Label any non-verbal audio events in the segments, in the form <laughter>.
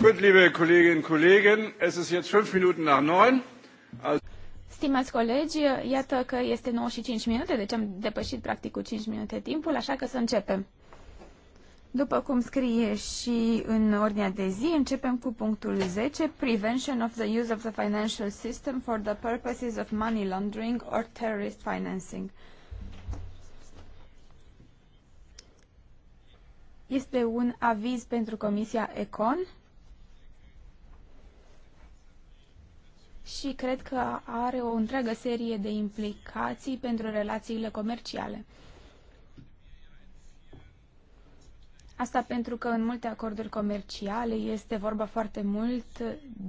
Gut, liebe Kolleginnen und Kollegen, es ist jetzt fünf Minuten nach neun. Stimați colegi, iată că este 9 și cinci minute, deci am depășit practic cu 5 minute timpul, așa că să începem. După cum scrie și în ordinea de zi, începem cu punctul 10, Prevention of the use of the financial system for the purposes of money laundering or terrorist financing. Este un aviz pentru Comisia Econ și cred că are o întreagă serie de implicații pentru relațiile comerciale. Asta pentru că în multe acorduri comerciale este vorba foarte mult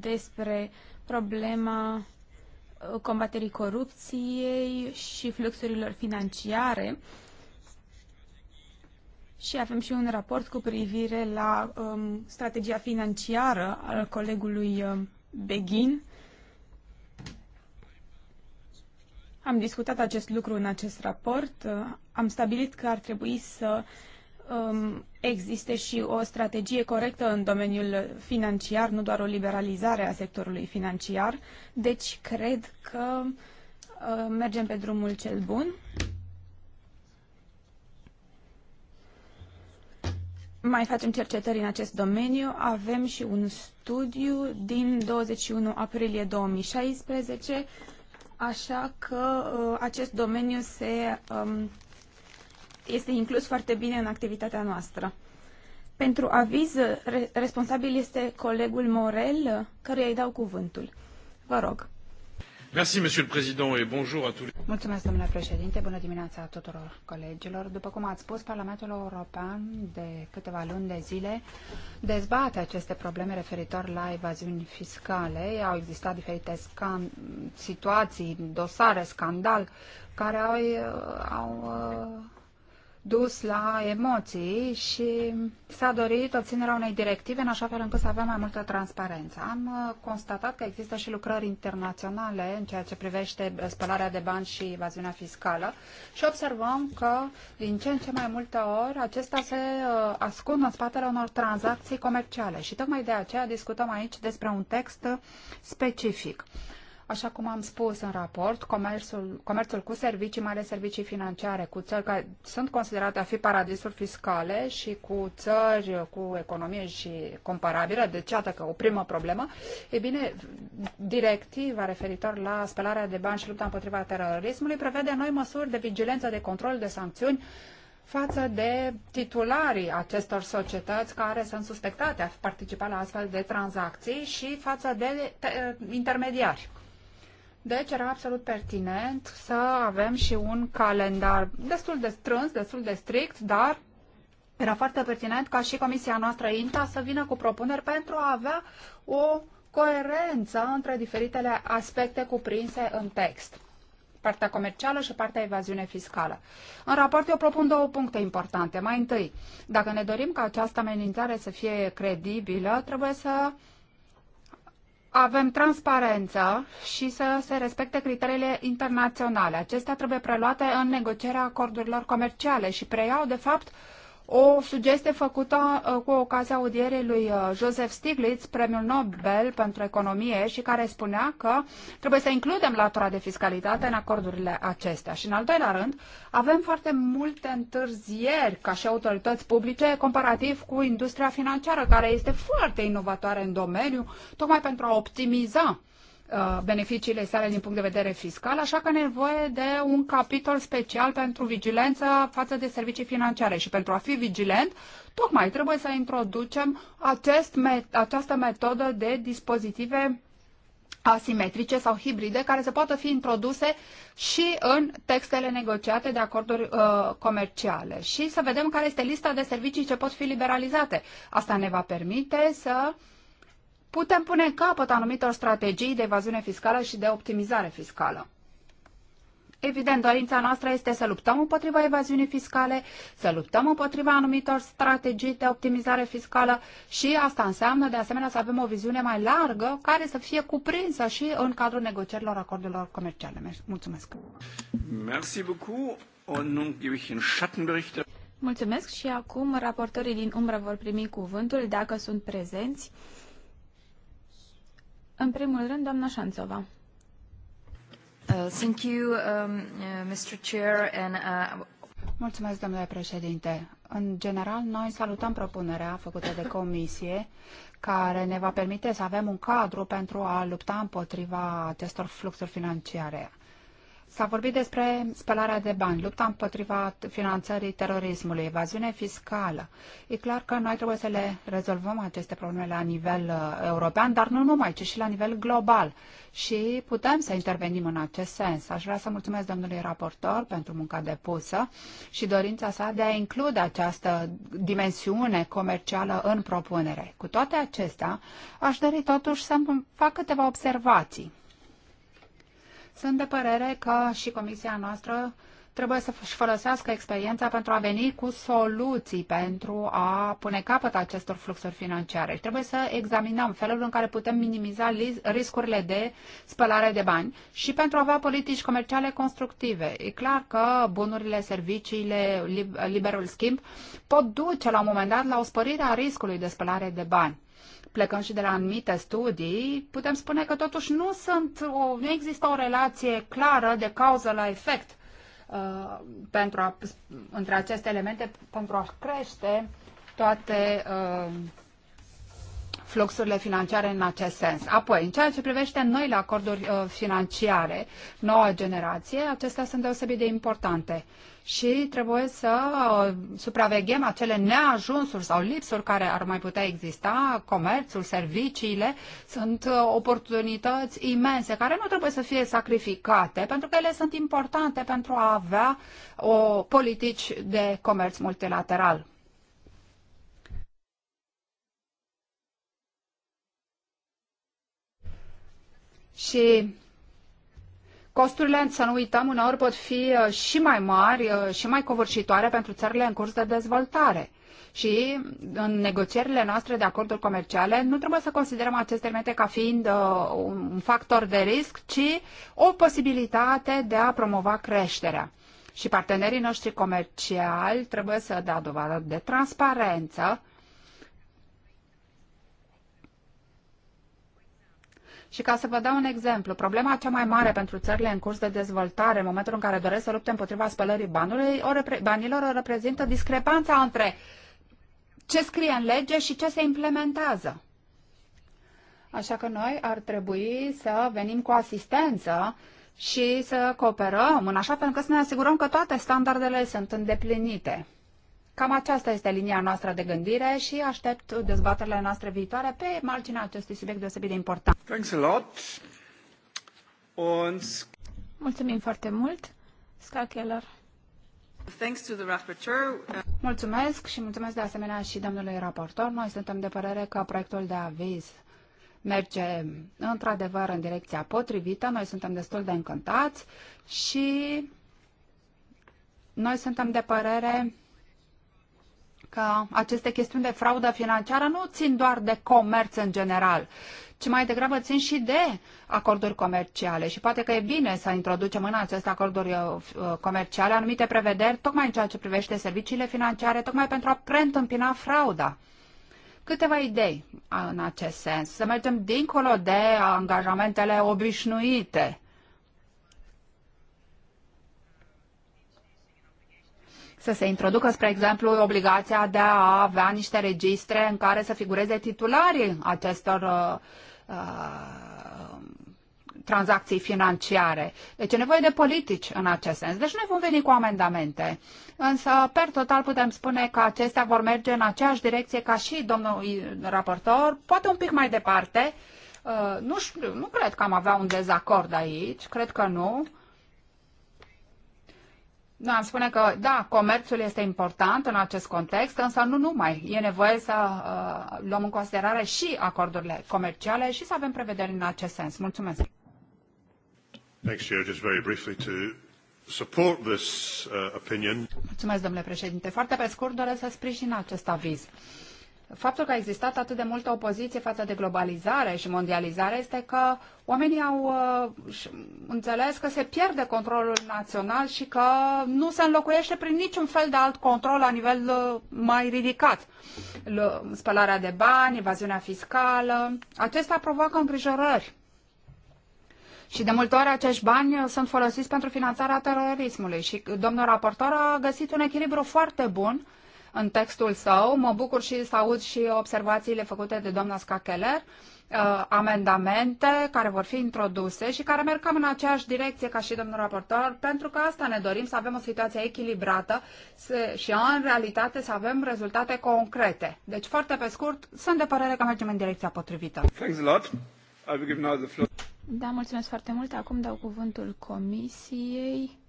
despre problema uh, combaterii corupției și fluxurilor financiare și avem și un raport cu privire la um, strategia financiară al colegului um, Beghin. Am discutat acest lucru în acest raport. Uh, am stabilit că ar trebui să um, existe și o strategie corectă în domeniul financiar, nu doar o liberalizare a sectorului financiar. Deci, cred că uh, mergem pe drumul cel bun. mai facem cercetări în acest domeniu. Avem și un studiu din 21 aprilie 2016, așa că uh, acest domeniu se, um, este inclus foarte bine în activitatea noastră. Pentru aviz, responsabil este colegul Morel, care îi dau cuvântul. Vă rog. Mulțumesc, domnule președinte. Bună dimineața tuturor colegilor. După cum ați spus, Parlamentul European de câteva luni de zile dezbate aceste probleme referitor la evaziuni fiscale. Au existat diferite scan- situații, dosare, scandal, care au, au dus la emoții și s-a dorit obținerea unei directive în așa fel încât să avem mai multă transparență. Am uh, constatat că există și lucrări internaționale în ceea ce privește uh, spălarea de bani și evaziunea fiscală și observăm că din ce în ce mai multe ori acestea se uh, ascund în spatele unor tranzacții comerciale și tocmai de aceea discutăm aici despre un text specific. Așa cum am spus în raport, comerțul, comerțul cu servicii, mai ales servicii financiare, cu țări care sunt considerate a fi paradisuri fiscale și cu țări cu economie și comparabilă, deci iată că o primă problemă, e bine, directiva referitor la spălarea de bani și lupta împotriva terorismului prevede noi măsuri de vigilență, de control, de sancțiuni față de titularii acestor societăți care sunt suspectate a participa la astfel de tranzacții și față de intermediari. Deci era absolut pertinent să avem și un calendar destul de strâns, destul de strict, dar era foarte pertinent ca și comisia noastră INTA să vină cu propuneri pentru a avea o coerență între diferitele aspecte cuprinse în text partea comercială și partea evaziune fiscală. În raport eu propun două puncte importante. Mai întâi, dacă ne dorim ca această amenințare să fie credibilă, trebuie să avem transparență și să se respecte criteriile internaționale. Acestea trebuie preluate în negocierea acordurilor comerciale și preiau, de fapt, uh, o sugestie făcută uh, cu ocazia audierii lui uh, Joseph Stiglitz, premiul Nobel pentru economie, și care spunea că trebuie să includem latura de fiscalitate în acordurile acestea. Și în al doilea rând, avem foarte multe întârzieri ca și autorități publice comparativ cu industria financiară, care este foarte inovatoare în domeniu, tocmai pentru a optimiza uh, Uh, beneficiile sale din punct de vedere fiscal, așa că nevoie de un capitol special pentru vigilență față de servicii financiare și pentru a fi vigilent, tocmai trebuie să introducem acest met- această metodă de dispozitive asimetrice sau hibride care se poată fi introduse și în textele negociate de acorduri uh, comerciale și să vedem care este lista de servicii ce pot fi liberalizate. Asta ne va permite să uh, putem pune capăt anumitor strategii de evaziune fiscală și de optimizare fiscală. Evident, dorința noastră este să luptăm împotriva evaziunii fiscale, să luptăm împotriva anumitor strategii de optimizare fiscală și asta înseamnă, de asemenea, să avem o viziune mai largă care să fie cuprinsă și în cadrul negocierilor acordurilor comerciale. Mulțumesc! Merci Mulțumesc și acum raportorii din umbră vor primi cuvântul dacă sunt prezenți. În primul rând, doamna Șanțova. Uh, thank you, Mr. Um, uh, Chair, and uh, Mulțumesc, domnule președinte. În general, noi salutăm propunerea făcută de comisie care ne va permite să avem un cadru pentru a lupta împotriva acestor fluxuri financiare. S-a vorbit despre spălarea de bani, lupta împotriva finanțării terorismului, evaziune fiscală. E clar că noi trebuie să le rezolvăm aceste probleme la nivel uh, european, dar nu numai, ci și la nivel global. Și putem să intervenim în acest sens. Aș vrea să mulțumesc domnului raportor pentru munca depusă și dorința sa de a include această dimensiune comercială în propunere. Cu toate acestea, aș dori totuși să fac câteva observații. Sunt de părere că și comisia noastră trebuie să-și folosească experiența pentru a veni cu soluții pentru a pune capăt acestor fluxuri financiare. Și trebuie să examinăm felul în care putem minimiza riscurile de spălare de bani și pentru a avea politici comerciale constructive. E clar că bunurile, serviciile, liberul schimb pot duce la un moment dat la o spărire a riscului de spălare de bani plecăm și de la anumite studii, putem spune că totuși nu, sunt o, nu există o relație clară de cauză la efect uh, pentru a, între aceste elemente pentru a crește toate uh, fluxurile financiare în acest sens. Apoi, în ceea ce privește noile acorduri uh, financiare, noua generație, acestea sunt deosebit de importante și trebuie să uh, supraveghem acele neajunsuri sau lipsuri care ar mai putea exista, comerțul, serviciile, sunt uh, oportunități imense care nu trebuie să fie sacrificate pentru că ele sunt importante pentru a avea o politici de comerț multilateral. Și costurile, să nu uităm, uneori pot fi uh, și mai mari, uh, și mai covârșitoare pentru țările în curs de dezvoltare. Și în negocierile noastre de acorduri comerciale nu trebuie să considerăm aceste elemente ca fiind uh, un factor de risc, ci o posibilitate de a promova creșterea. Și partenerii noștri comerciali trebuie să dea dovadă de transparență Și ca să vă dau un exemplu, problema cea mai mare pentru țările în curs de dezvoltare, în momentul în care doresc să lupte împotriva spălării banului, o repre- banilor, o reprezintă discrepanța între ce scrie în lege și ce se implementează. Așa că noi ar trebui să venim cu asistență și să cooperăm în așa fel încât să ne asigurăm că toate standardele sunt îndeplinite. Cam aceasta este linia noastră de gândire și aștept dezbaterile noastre viitoare pe marginea acestui subiect deosebit de important. Thanks a lot. Und... Mulțumim foarte mult, Ska Thanks to the rapporteur. Mulțumesc și mulțumesc de asemenea și domnului raportor. Noi suntem de părere că proiectul de aviz merge într-adevăr în direcția potrivită. Noi suntem destul de încântați și noi suntem de părere că aceste chestiuni de fraudă financiară nu țin doar de comerț în general, ci mai degrabă țin și de acorduri comerciale. Și poate că e bine să introducem în aceste acorduri uh, uh, comerciale anumite prevederi, tocmai în ceea ce privește serviciile financiare, tocmai pentru a preîntâmpina frauda câteva idei în acest sens, să mergem dincolo de angajamentele obișnuite. să se introducă, spre exemplu, obligația de a avea niște registre în care să figureze titularii acestor uh, uh, tranzacții financiare. Deci e nevoie de politici în acest sens. Deci noi vom veni cu amendamente. Însă, per total, putem spune că acestea vor merge în aceeași direcție ca și domnul raportor, poate un pic mai departe. Uh, nu, știu, nu cred că am avea un dezacord aici, cred că nu. Uh, nu Am spune că, da, comerțul este important în acest context, însă nu numai. E nevoie să uh, luăm în considerare și acordurile comerciale și să avem prevederi în acest sens. Mulțumesc. Next year, just very briefly to support this uh, opinion. Mulțumesc, domnule președinte. Foarte pe scurt doresc să sprijin acest aviz faptul că a existat atât de multă opoziție față de globalizare și mondializare este că oamenii au uh, înțeles că se pierde controlul național și că nu se înlocuiește prin niciun fel de alt control la nivel uh, mai ridicat. L- spălarea de bani, evaziunea fiscală, acestea provoacă îngrijorări. Și de multe ori acești bani uh, sunt folosiți pentru finanțarea terorismului și domnul raportor a găsit un echilibru foarte bun uh, în textul său. Mă bucur și să aud și observațiile făcute de doamna Scacheler, uh, amendamente care vor fi introduse și care merg cam în aceeași direcție ca și domnul raportor, pentru că asta ne dorim, să avem o situație echilibrată și uh, în realitate să avem rezultate concrete. Deci, foarte pe scurt, sunt de părere că mergem în direcția potrivită. Thanks a lot. I will give now the floor. Da, mulțumesc foarte mult. Acum dau cuvântul comisiei.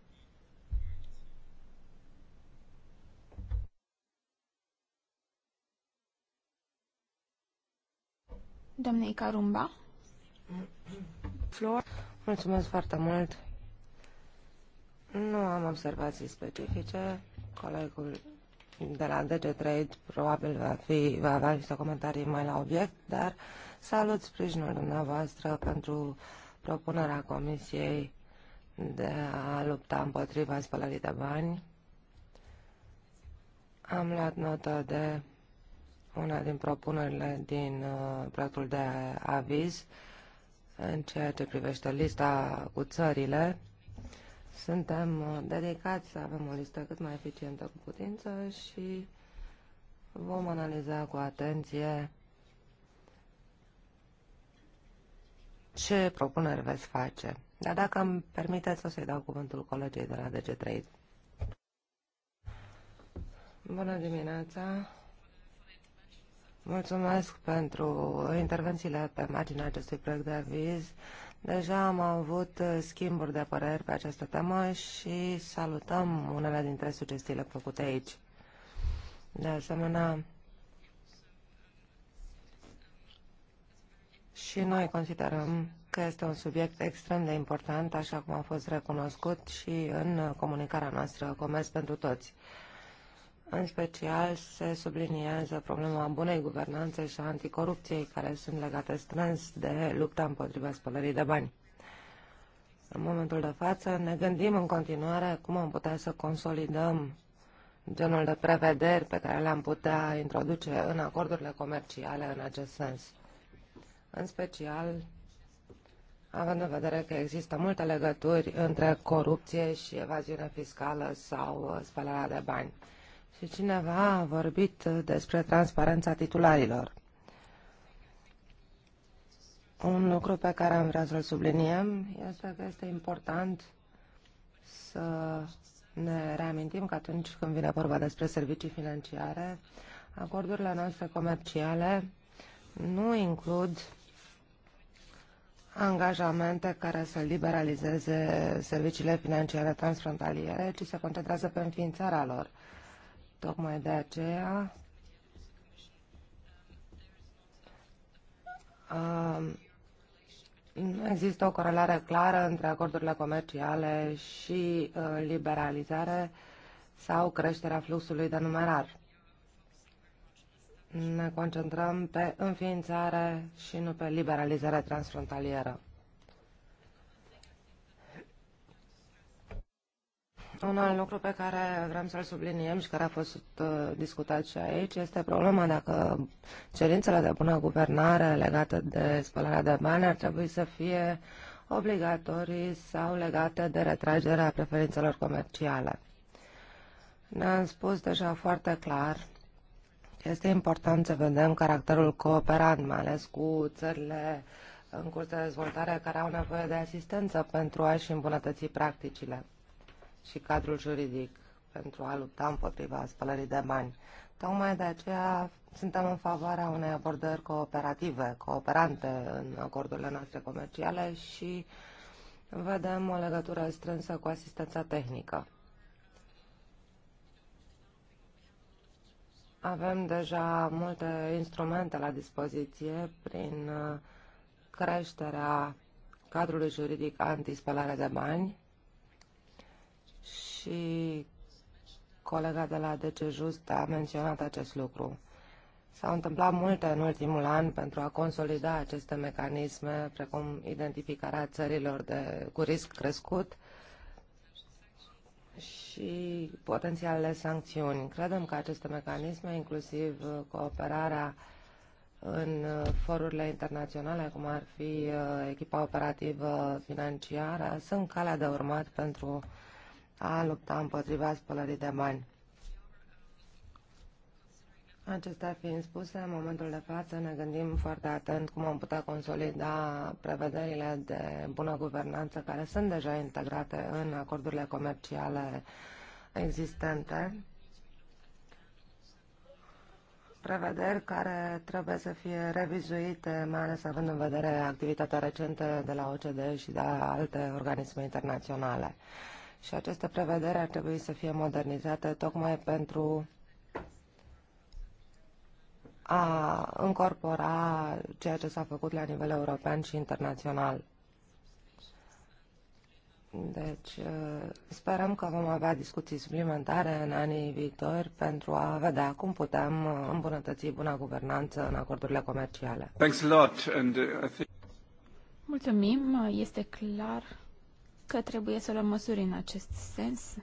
doamnei Carumba. Flor. Mulțumesc foarte mult. Nu am observații specifice. Colegul de la DG Trade probabil va, fi, va avea niște comentarii mai la obiect, dar salut sprijinul dumneavoastră pentru propunerea Comisiei de a lupta împotriva spălării de bani. Am luat notă de una din propunerile din uh, proiectul de aviz în ceea ce privește lista cu țările. Suntem uh, dedicați să avem o listă cât mai eficientă cu putință și vom analiza cu atenție ce propuneri veți face. Dar dacă îmi permiteți, o să-i dau cuvântul colegii de la DG3. Bună dimineața! Mulțumesc pentru intervențiile pe marginea acestui proiect de aviz. Deja am avut uh, schimburi de păreri pe această temă și salutăm unele dintre sugestiile făcute aici. De asemenea, și noi considerăm că este un subiect extrem de important, așa cum a fost recunoscut și în uh, comunicarea noastră Comerț pentru Toți. În special se subliniază problema bunei guvernanțe și a anticorupției, care sunt legate strâns de lupta împotriva spălării de bani. În momentul de față ne gândim în continuare cum am putea să consolidăm genul de prevederi pe care le-am putea introduce în acordurile comerciale în acest sens. În special, având în vedere că există multe legături între corupție și evaziune fiscală sau spălarea de bani și cineva a vorbit despre transparența titularilor. Un lucru pe care am vrea să-l subliniem este că este important să ne reamintim că atunci când vine vorba despre servicii financiare, acordurile noastre comerciale nu includ angajamente care să liberalizeze serviciile financiare transfrontaliere, ci se concentrează pe înființarea lor. Tocmai de aceea nu există o corelare clară între acordurile comerciale și uh, liberalizare sau creșterea fluxului de numerar. Ne concentrăm pe înființare și nu pe liberalizarea transfrontalieră. Un alt lucru pe care vrem să-l subliniem și care a fost uh, discutat și aici este problema dacă cerințele de bună guvernare legate de spălarea de bani ar trebui să fie obligatorii sau legate de retragerea preferințelor comerciale. Ne-am spus deja foarte clar că este important să vedem caracterul cooperant, mai ales cu țările în curs de dezvoltare care au nevoie de asistență pentru a-și îmbunătăți practicile și cadrul juridic pentru a lupta împotriva spălării de bani. Tocmai de aceea suntem în favoarea unei abordări cooperative, cooperante în acordurile noastre comerciale și vedem o legătură strânsă cu asistența tehnică. Avem deja multe instrumente la dispoziție prin uh, creșterea cadrului juridic antispălare de bani, și colega de la DC Just a menționat acest lucru. S-au întâmplat multe în ultimul an pentru a consolida aceste mecanisme, precum identificarea țărilor de, cu risc crescut și potențialele sancțiuni. Credem că aceste mecanisme, inclusiv cooperarea în forurile internaționale, cum ar fi echipa operativă financiară, sunt calea de urmat pentru a lupta împotriva spălării de bani. Acestea fiind spuse, în momentul de față ne gândim foarte atent cum am putea consolida prevederile de bună guvernanță care sunt deja integrate în acordurile comerciale existente, prevederi care trebuie să fie revizuite, mai ales având în vedere activitatea recentă de la OCDE și de la alte organisme internaționale și această prevedere ar trebui să fie modernizată tocmai pentru a încorpora ceea ce s-a făcut la nivel european și internațional. Deci ă, sperăm că vom avea discuții suplimentare în anii viitori pentru a vedea cum putem ă, îmbunătăți buna guvernanță în acordurile comerciale. Uh, Mulțumim, este clar că trebuie să luăm măsuri în acest sens.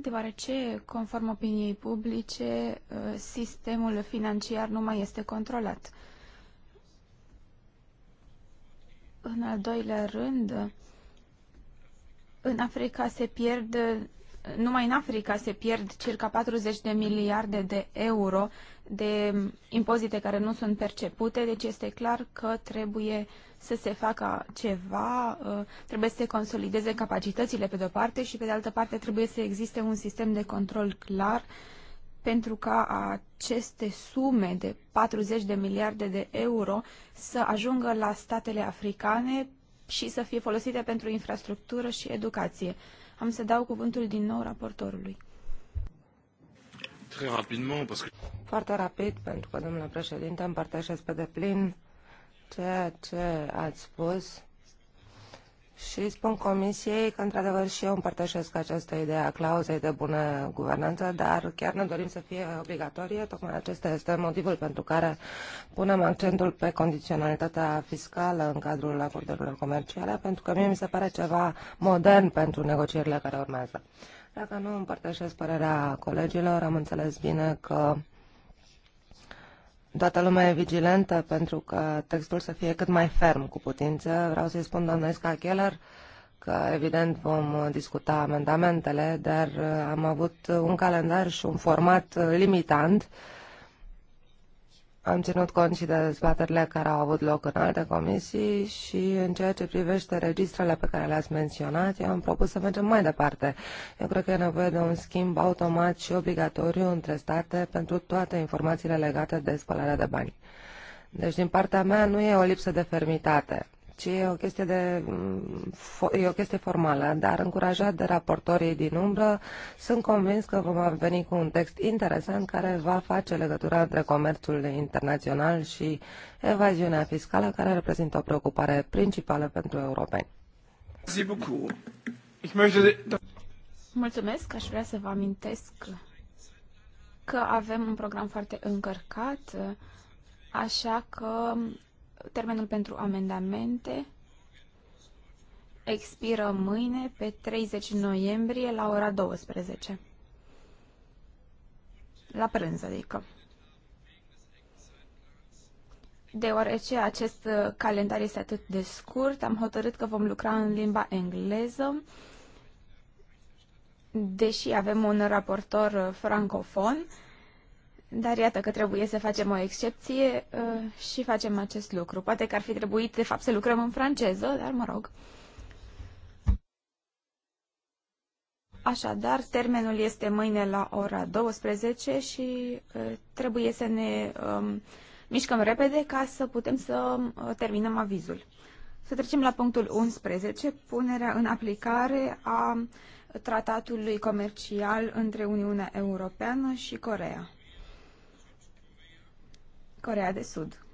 Deoarece, conform opiniei publice, ă, sistemul financiar nu mai este controlat. În al doilea rând, în Africa se pierd numai în Africa se pierd circa 40 de miliarde de euro de impozite care nu sunt percepute, deci este clar că trebuie să se facă ceva, uh, trebuie să se consolideze capacitățile pe de-o parte și pe de altă parte trebuie să existe un sistem de control clar pentru ca aceste sume de 40 de miliarde de euro să ajungă la statele africane și să fie folosite pentru infrastructură și educație. Am să dau cuvântul din nou raportorului. Foarte rapid, pentru că, domnule președinte, împărtășesc pe deplin ceea ce ați spus și spun Comisiei că, într-adevăr, și eu împărtășesc această idee a clauzei de bună guvernanță, dar chiar ne dorim să fie obligatorie. Tocmai acesta este motivul pentru care punem accentul pe condiționalitatea fiscală în cadrul acordurilor comerciale, pentru că mie mi se pare ceva modern pentru negocierile care urmează. Dacă nu împărtășesc părerea colegilor, am înțeles bine că toată lumea e vigilentă pentru că textul să fie cât mai ferm cu putință. Vreau să-i spun doamnei Scacheller că evident vom discuta amendamentele, dar uh, am avut un calendar și un format uh, limitant uh, am ținut cont și de dezbaterile care au avut loc în alte comisii și în ceea ce privește registrele pe care le-ați menționat, eu am propus să mergem mai departe. Eu cred că e nevoie de un schimb automat și obligatoriu între state pentru toate informațiile legate de spălarea de bani. Deci, din partea mea, nu e o lipsă de fermitate ci e o chestie, de, mm, e o chestie formală, dar încurajat de raportorii din umbră, sunt convins că vom veni cu un text interesant care va face legătura între comerțul internațional și evaziunea fiscală, care reprezintă o preocupare principală pentru europeni. Mulțumesc, aș vrea să vă amintesc că avem un program foarte încărcat, așa că Termenul pentru amendamente expiră mâine pe 30 noiembrie la ora 12. La prânz, adică. Deoarece acest calendar este atât de scurt, am hotărât că vom lucra în limba engleză, deși avem un raportor francofon, dar iată că trebuie să facem o excepție uh, și facem acest lucru. Poate că ar fi trebuit, de fapt, să lucrăm în franceză, dar mă rog. Așadar, termenul este mâine la ora 12 și uh, trebuie să ne um, mișcăm repede ca să putem să uh, terminăm avizul. Să trecem la punctul 11, punerea în aplicare a tratatului comercial între Uniunea Europeană și Corea. Corea de Sud.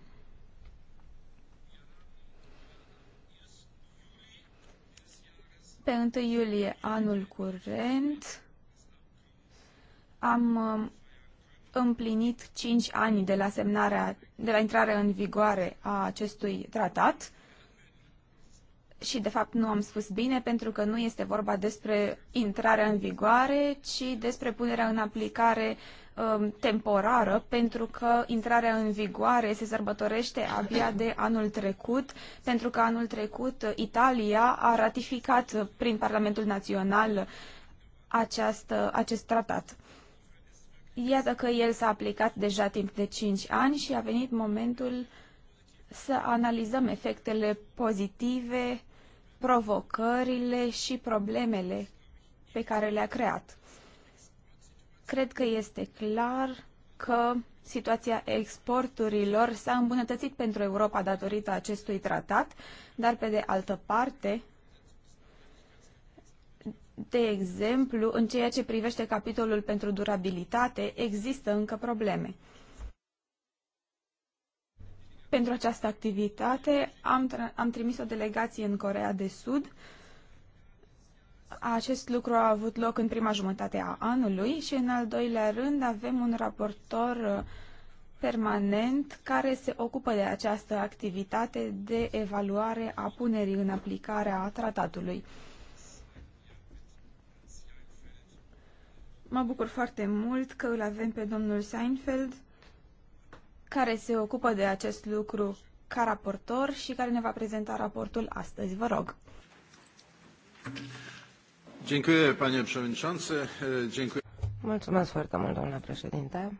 Pe 1 iulie anul curent am um, împlinit 5 ani de la semnarea, de la intrarea în vigoare a acestui tratat și de fapt nu am spus bine pentru că nu este vorba despre intrarea în vigoare, ci despre punerea în aplicare um, temporară, pentru că intrarea în vigoare se sărbătorește abia de anul trecut, pentru că anul trecut Italia a ratificat prin Parlamentul Național această, acest tratat. Iată că el s-a aplicat deja timp de 5 ani și a venit momentul să analizăm efectele pozitive provocările și problemele pe care le-a creat. Cred că este clar că situația exporturilor s-a îmbunătățit pentru Europa datorită acestui tratat, dar pe de altă parte, de exemplu, în ceea ce privește capitolul pentru durabilitate, există încă probleme. Pentru această activitate am, am trimis o delegație în Corea de Sud. Acest lucru a avut loc în prima jumătate a anului și în al doilea rând avem un raportor uh, permanent care se ocupă de această activitate de evaluare a punerii în aplicare a tratatului. Mă bucur foarte mult că îl avem pe domnul Seinfeld care se ocupă de acest lucru ca raportor și care ne va prezenta raportul astăzi. Vă rog. Dziękuję, panie przewodniczący. Dziękuję. Mulțumesc foarte mult, doamna președinte.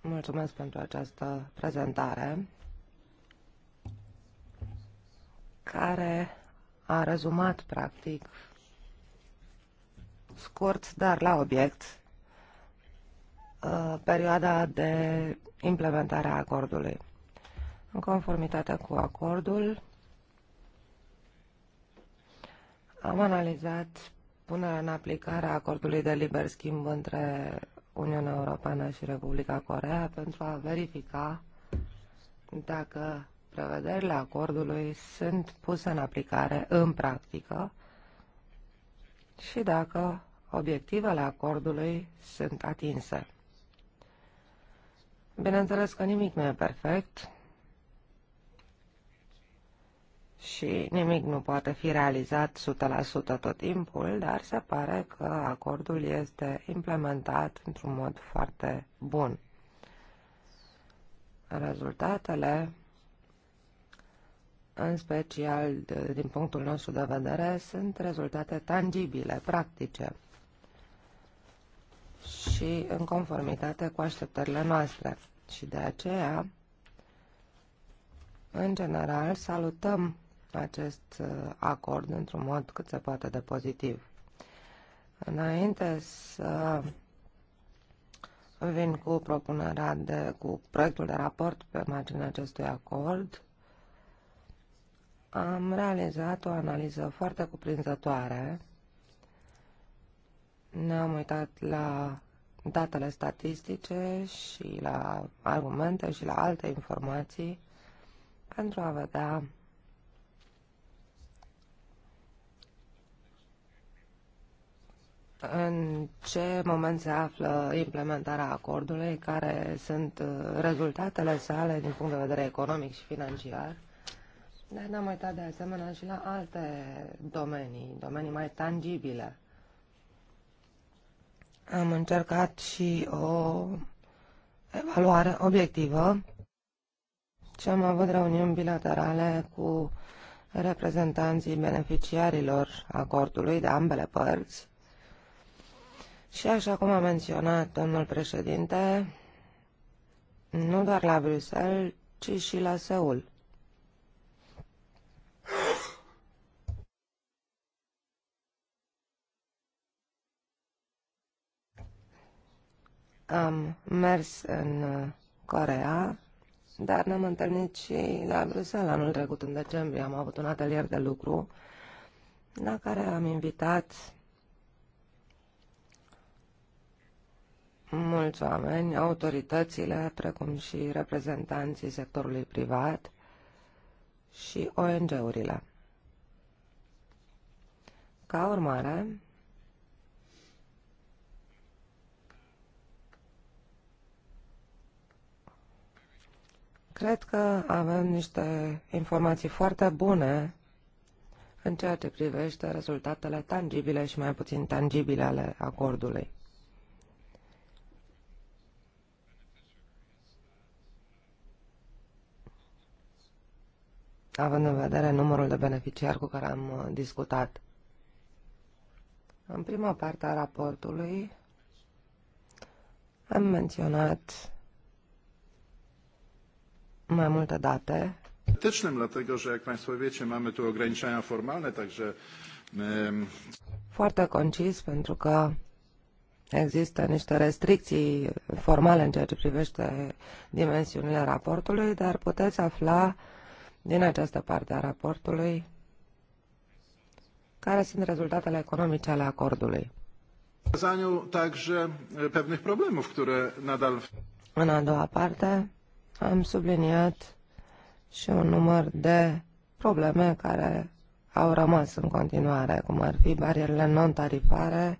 Mulțumesc pentru această prezentare care a rezumat, practic, scurt, dar la obiect, Uh, perioada de implementare a acordului. În conformitate cu acordul, am analizat punerea în aplicare a acordului de liber schimb între Uniunea Europeană și Republica Corea pentru a verifica dacă prevederile acordului sunt puse în aplicare în practică și dacă obiectivele acordului sunt atinse. Bineînțeles că nimic nu e perfect și nimic nu poate fi realizat 100% tot timpul, dar se pare că acordul este implementat într-un mod foarte bun. Rezultatele, în special din punctul nostru de vedere, sunt rezultate tangibile, practice și în conformitate cu așteptările noastre. Și de aceea, în general, salutăm acest uh, acord într-un mod cât se poate de pozitiv. Înainte să vin cu propunerea de, cu proiectul de raport pe marginea acestui acord, am realizat o analiză foarte cuprinzătoare. Ne-am uitat la datele statistice și la argumente și la alte informații pentru a vedea în ce moment se află implementarea acordului, care sunt uh, rezultatele sale din punct de vedere economic și financiar. Dar ne-am uitat de asemenea și la alte domenii, domenii mai tangibile am încercat și o evaluare obiectivă și am avut reuniuni bilaterale cu reprezentanții beneficiarilor acordului de ambele părți. Și așa cum a menționat domnul președinte, nu doar la Bruxelles, ci și la Seul. Am mers în uh, Corea, dar ne-am întâlnit și la Bruxelles anul trecut, în decembrie. Am avut un atelier de lucru la care am invitat mulți oameni, autoritățile, precum și reprezentanții sectorului privat și ONG-urile. Ca urmare, Cred că avem niște informații foarte bune în ceea ce privește rezultatele tangibile și mai puțin tangibile ale acordului. având în vedere numărul de beneficiari cu care am uh, discutat. În prima parte a raportului am menționat mai multe date. Foarte concis, pentru că există niște restricții formale în ceea ce privește dimensiunile raportului, dar puteți afla din această parte a raportului care sunt rezultatele economice ale acordului. În a doua parte, am subliniat și un număr de probleme care au rămas în continuare, cum ar fi barierele non-tarifare,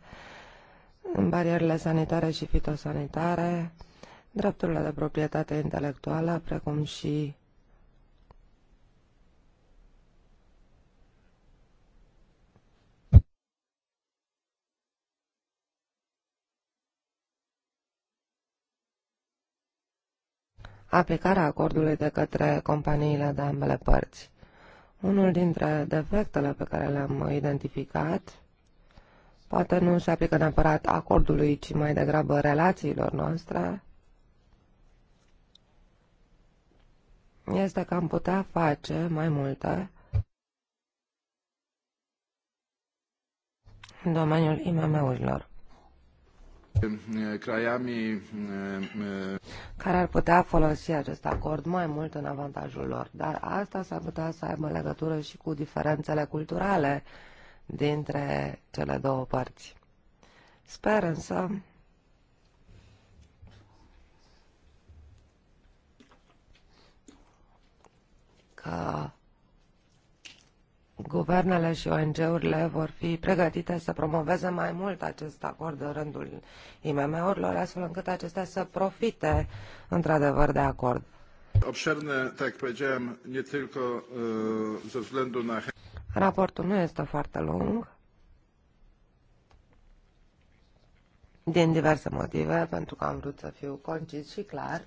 barierele sanitare și fitosanitare, drepturile de proprietate intelectuală, precum și aplicarea acordului de către companiile de ambele părți. Unul dintre defectele pe care le-am identificat poate nu se aplică neapărat acordului, ci mai degrabă relațiilor noastre, este că am putea face mai multe în domeniul IMM-urilor. Eh, eh, care ar putea folosi acest acord mai mult în avantajul lor. Dar asta s-ar putea să aibă legătură și cu diferențele culturale dintre cele două părți. Sper însă că guvernele și ONG-urile vor fi pregătite să promoveze mai mult acest acord în rândul IMM-urilor, astfel încât acestea să profite într-adevăr de acord. Obșerne, tak powiedziałem, nie tylko ze względu na... Raportul nu este foarte lung, din diverse motive, pentru că am vrut să fiu concis și clar,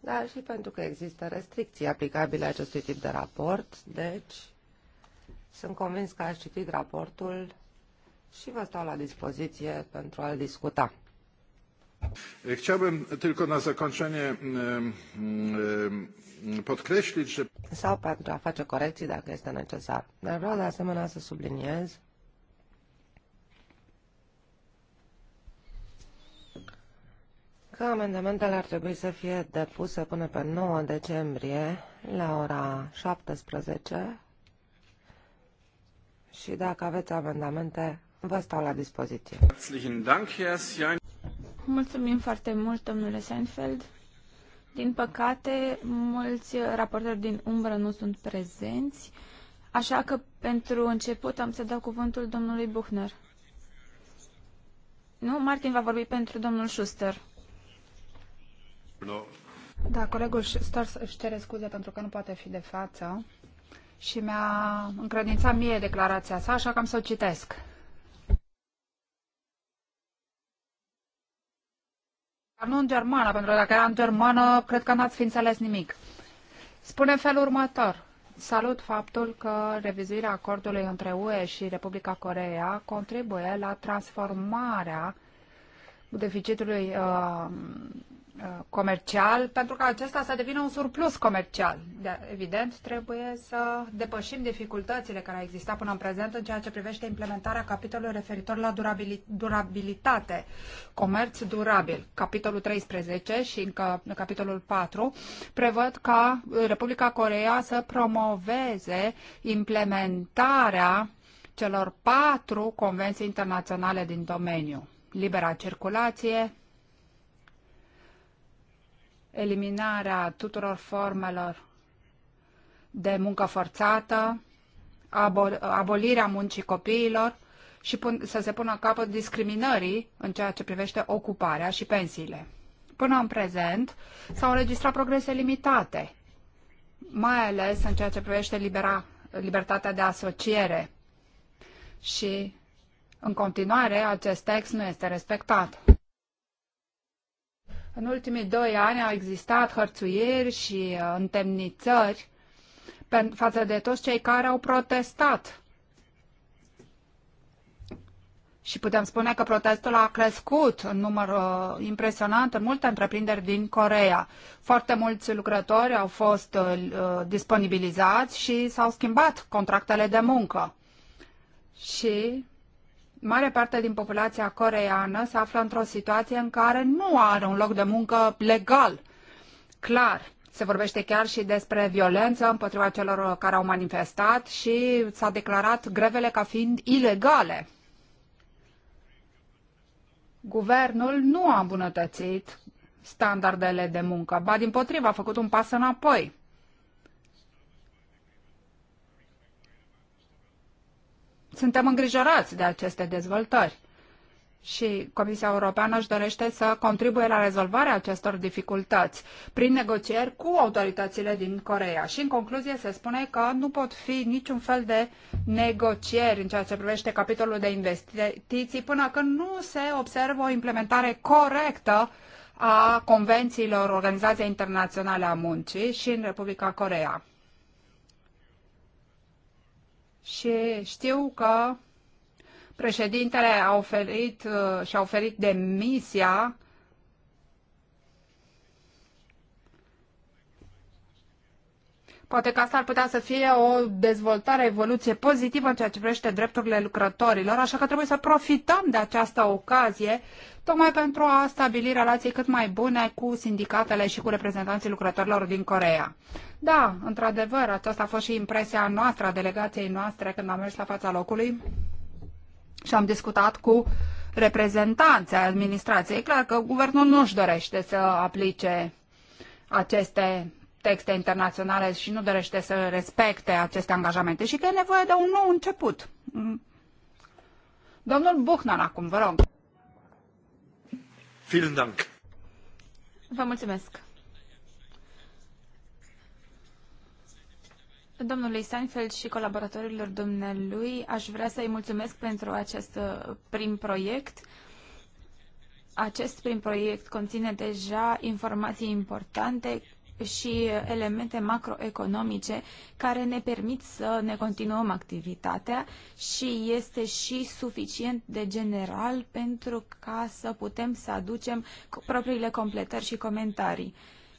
dar și pentru că există restricții aplicabile acestui tip de raport, deci sunt convins că ați citit raportul și vă stau la dispoziție pentru a-l discuta. Chciałbym tylko na zakończenie mm, mm, podkreślić, że... Sau pentru a face corecții dacă este necesar. Dar vreau de asemenea să subliniez că amendamentele ar trebui să fie depuse până pe 9 decembrie la ora 17 și dacă aveți amendamente, vă stau la dispoziție. Mulțumim foarte mult, domnule Seinfeld. Din păcate, mulți raportori din umbră nu sunt prezenți, așa că pentru început am să dau cuvântul domnului Buchner. Nu, Martin va vorbi pentru domnul Schuster. No. Da, colegul Schuster își cere scuze pentru că nu poate fi de față și mi-a încredințat mie declarația sa, așa că am să o citesc. Dar nu în germană, pentru că dacă era în germană, cred că n-ați fi înțeles nimic. Spune felul următor. Salut faptul că revizuirea acordului între UE și Republica Coreea contribuie la transformarea deficitului uh, Uh, comercial, pentru că acesta să devină un surplus comercial. De, evident, trebuie să depășim dificultățile care au existat până în prezent în ceea ce privește implementarea capitolului referitor la durabilitate, comerț durabil. Capitolul 13 și încă capitolul 4 prevăd ca Republica Coreea să promoveze implementarea celor patru convenții internaționale din domeniu. Libera circulație, eliminarea tuturor formelor de muncă forțată, abol abolirea muncii copiilor și pun, să se pună capăt discriminării în ceea ce privește ocuparea și pensiile. Până în prezent s-au înregistrat progrese limitate, mai ales în ceea ce privește libera, libertatea de asociere și în continuare acest text nu este respectat. În ultimii doi ani au existat hărțuieri și uh, întemnițări față de toți cei care au protestat. Și putem spune că protestul a crescut în număr uh, impresionant în multe întreprinderi din Corea. Foarte mulți lucrători au fost uh, uh disponibilizați și s-au schimbat contractele de muncă. Și mare parte din populația coreeană se află într-o situație în care nu are un loc de muncă legal. Clar, se vorbește chiar și despre violență împotriva celor care au manifestat și s-a declarat grevele ca fiind ilegale. Guvernul nu a îmbunătățit standardele de muncă, ba din potrivă a făcut un pas înapoi. suntem îngrijorați de aceste dezvoltări și Comisia Europeană își dorește să contribuie la rezolvarea acestor dificultăți prin negocieri cu autoritățile din Coreea. Și în concluzie se spune că nu pot fi niciun fel de negocieri în ceea ce privește capitolul de investiții până când nu se observă o implementare corectă a convențiilor Organizației Internaționale a Muncii și în Republica Coreea și știu că președintele a oferit uh, și a oferit demisia Poate că asta ar putea să fie o dezvoltare, evoluție pozitivă în ceea ce privește drepturile lucrătorilor, așa că trebuie să profităm de această ocazie tocmai pentru a stabili relații cât mai bune cu sindicatele și cu reprezentanții lucrătorilor din Corea. Da, într-adevăr, aceasta a fost și impresia noastră, a delegației noastre, când am mers la fața locului și am discutat cu reprezentanții administrației. E clar că guvernul nu-și dorește să aplice aceste texte internaționale și nu dorește să respecte aceste angajamente și că e nevoie de un nou început. Mm. Domnul Buchner acum, vă rog. Vielen Dank. Vă mulțumesc. Domnului Seinfeld și colaboratorilor dumnealui, aș vrea să-i mulțumesc pentru acest uh, prim proiect. Acest prim proiect conține deja informații importante și elemente macroeconomice care ne permit să ne continuăm activitatea și este și suficient de general pentru ca să putem să aducem propriile completări și comentarii.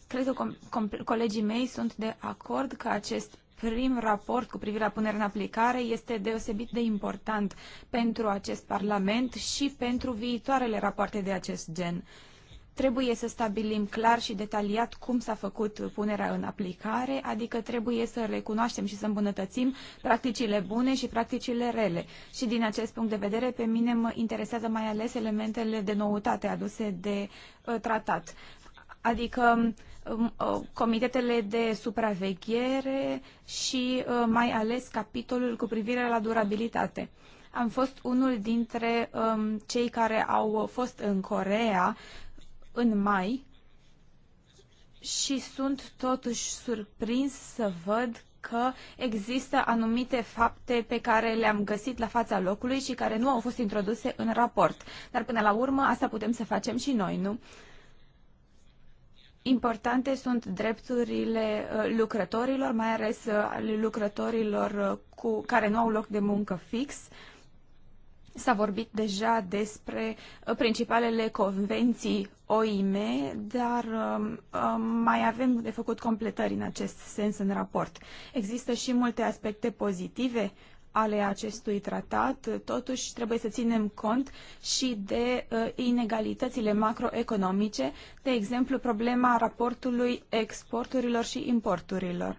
Cred că com colegii mei sunt de acord că acest prim raport cu privire la punerea în aplicare este deosebit de important pentru acest Parlament și pentru viitoarele rapoarte de acest gen trebuie să stabilim clar și detaliat cum s-a făcut punerea în aplicare, adică trebuie să recunoaștem și să îmbunătățim practicile bune și practicile rele. Și din acest punct de vedere, pe mine mă interesează mai ales elementele de noutate aduse de uh, tratat. Adică um, uh, comitetele de supraveghere și uh, mai ales capitolul cu privire la durabilitate am fost unul dintre um, cei care au fost în Corea în mai și sunt totuși surprins să văd că există anumite fapte pe care le-am găsit la fața locului și care nu au fost introduse în raport. Dar până la urmă asta putem să facem și noi, nu? Importante sunt drepturile uh, lucrătorilor, mai ales uh, ale lucrătorilor uh, cu, care nu au loc de muncă fix. Uh, S-a vorbit deja despre uh, principalele convenții OIM, dar um, um, mai avem de făcut completări în acest sens în raport. Există și multe aspecte pozitive ale acestui tratat, totuși trebuie să ținem cont și de uh, inegalitățile macroeconomice, de exemplu problema raportului exporturilor și importurilor.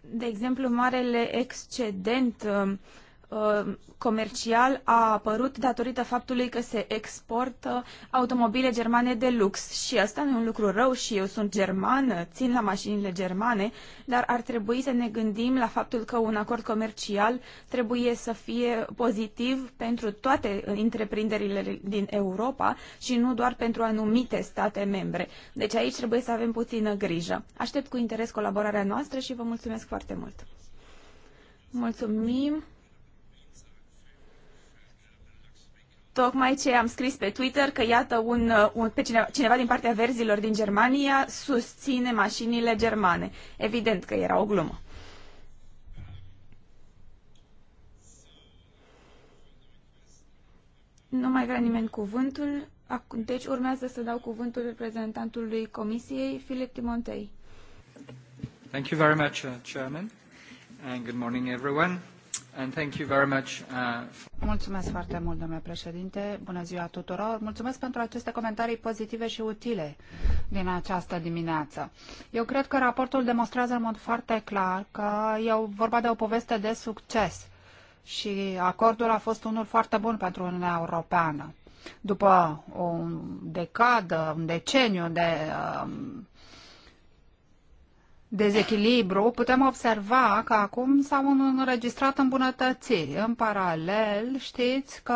De exemplu, marele excedent uh, Uh, comercial a apărut datorită faptului că se exportă automobile germane de lux și asta nu e un lucru rău și eu sunt germană, țin la mașinile germane, dar ar trebui să ne gândim la faptul că un acord comercial trebuie să fie pozitiv pentru toate întreprinderile din Europa și nu doar pentru anumite state membre. Deci aici trebuie să avem puțină grijă. Aștept cu interes colaborarea noastră și vă mulțumesc foarte mult. Mulțumim. Tocmai ce am scris pe Twitter că iată un, uh, un, pe cineva, cineva din partea verzilor din Germania susține mașinile germane. Evident că era o glumă. Nu mai vrea nimeni cuvântul. Deci urmează să dau cuvântul reprezentantului Comisiei, Filip Timontei. Thank you very much, uh, Chairman, and good morning, everyone. Uh, Mulțumesc foarte mult, domnule președinte. Bună ziua tuturor. Mulțumesc pentru aceste comentarii pozitive și utile din această dimineață. Eu cred că raportul demonstrează în mod foarte clar că e vorba de o poveste de succes și acordul a fost unul foarte bun pentru Uniunea Europeană. După o decadă, un deceniu de uh, dezechilibru, putem observa că acum s-au înregistrat îmbunătățiri. În paralel, știți că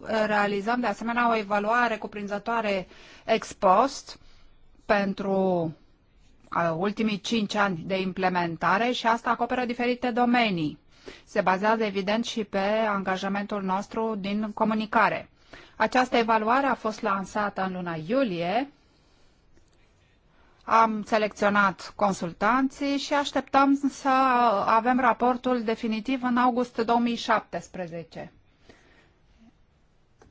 uh, realizăm de asemenea o evaluare cuprinzătoare ex post pentru uh, ultimii cinci ani de implementare și asta acoperă diferite domenii. Se bazează evident și pe angajamentul nostru din comunicare. Această evaluare a fost lansată în luna iulie am selecționat consultanții și așteptăm să avem raportul definitiv în august 2017.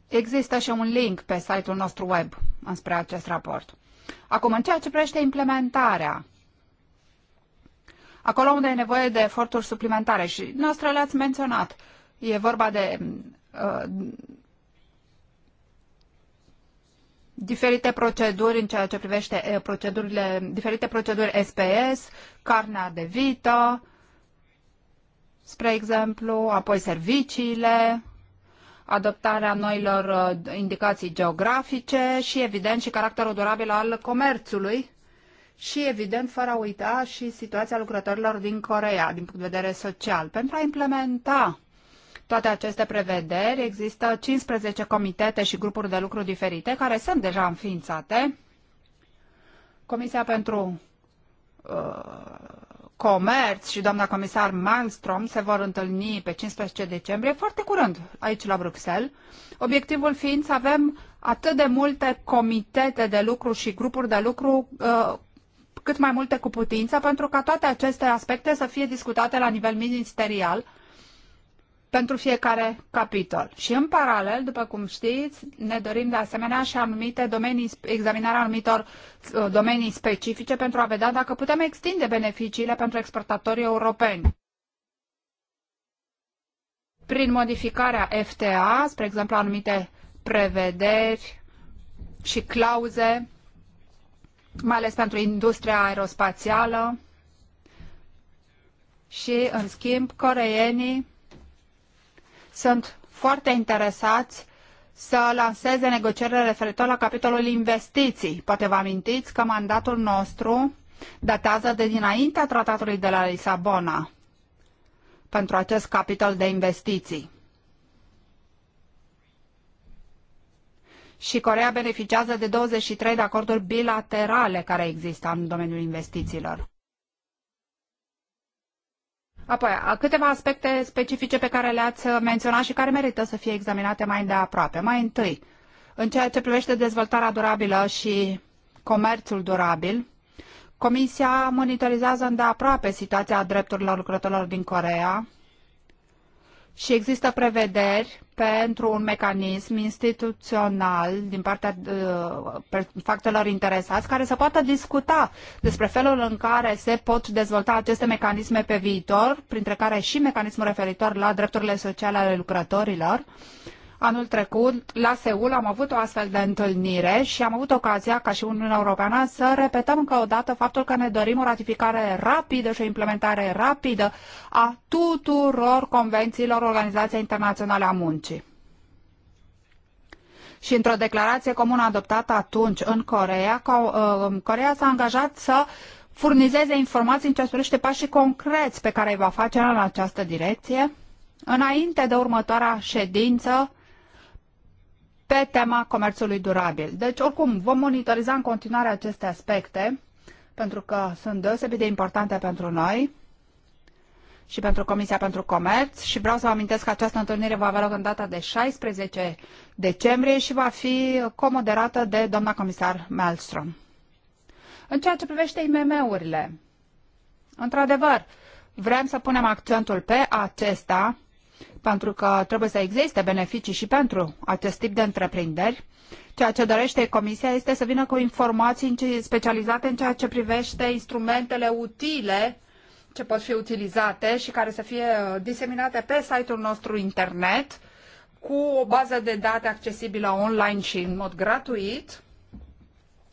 Există și un link pe site-ul nostru web înspre acest raport. Acum, în ceea ce privește implementarea, acolo unde e nevoie de eforturi suplimentare și noastră le-ați menționat, e vorba de uh, diferite proceduri în ceea ce privește procedurile, diferite proceduri SPS, carnea de vită, spre exemplu, apoi serviciile, adoptarea noilor uh, indicații geografice și, evident, și caracterul durabil al comerțului și, evident, fără a uita și situația lucrătorilor din Corea, din punct de vedere social, pentru a implementa toate aceste prevederi, există 15 comitete și grupuri de lucru diferite care sunt deja înființate. Comisia pentru uh, Comerț și doamna comisar Malmström se vor întâlni pe 15 decembrie, foarte curând, aici la Bruxelles. Obiectivul fiind să avem atât de multe comitete de lucru și grupuri de lucru uh, cât mai multe cu putință, pentru ca toate aceste aspecte să fie discutate la nivel ministerial pentru fiecare capitol. Și în paralel, după cum știți, ne dorim de asemenea și anumite domenii, examinarea anumitor uh, domenii specifice pentru a vedea dacă putem extinde beneficiile pentru exportatorii europeni. Prin modificarea FTA, spre exemplu, anumite prevederi și clauze, mai ales pentru industria aerospațială și, în schimb, coreienii sunt foarte interesați să lanseze negocierile referitor la capitolul investiții. Poate vă amintiți că mandatul nostru datează de dinaintea tratatului de la Lisabona pentru acest capitol de investiții. Și Coreea beneficiază de 23 de acorduri bilaterale care există în domeniul investițiilor. Apoi, câteva aspecte specifice pe care le-ați menționat și care merită să fie examinate mai de aproape. Mai întâi, în ceea ce privește dezvoltarea durabilă și comerțul durabil, Comisia monitorizează îndeaproape situația drepturilor lucrătorilor din Corea și există prevederi pentru un mecanism instituțional din partea uh, factorilor interesați care să poată discuta despre felul în care se pot dezvolta aceste mecanisme pe viitor, printre care și mecanismul referitor la drepturile sociale ale lucrătorilor. Uh, Anul trecut, la Seul, am avut o astfel de întâlnire și am avut ocazia, ca și Uniunea Europeană, să repetăm încă o dată faptul că ne dorim o ratificare rapidă și o implementare rapidă a tuturor convențiilor Organizației Internaționale a Muncii. Și într-o declarație comună adoptată atunci în Corea, uh, Corea s-a angajat să furnizeze informații în ceea ce privește pașii concreți pe care îi va face în această direcție, înainte de următoarea ședință pe tema comerțului durabil. Deci, oricum, vom monitoriza în continuare aceste aspecte, pentru că sunt deosebit de importante pentru noi și pentru Comisia pentru Comerț și vreau să vă amintesc că această întâlnire va avea loc în data de 16 decembrie și va fi comoderată de doamna comisar Malmström. În ceea ce privește IMM-urile, într-adevăr, vrem să punem accentul pe acesta, pentru că trebuie să existe beneficii și pentru acest tip de întreprinderi. Ceea ce dorește Comisia este să vină cu informații specializate în ceea ce privește instrumentele utile ce pot fi utilizate și care să fie uh, diseminate pe site-ul nostru internet cu o bază de date accesibilă online și în mod gratuit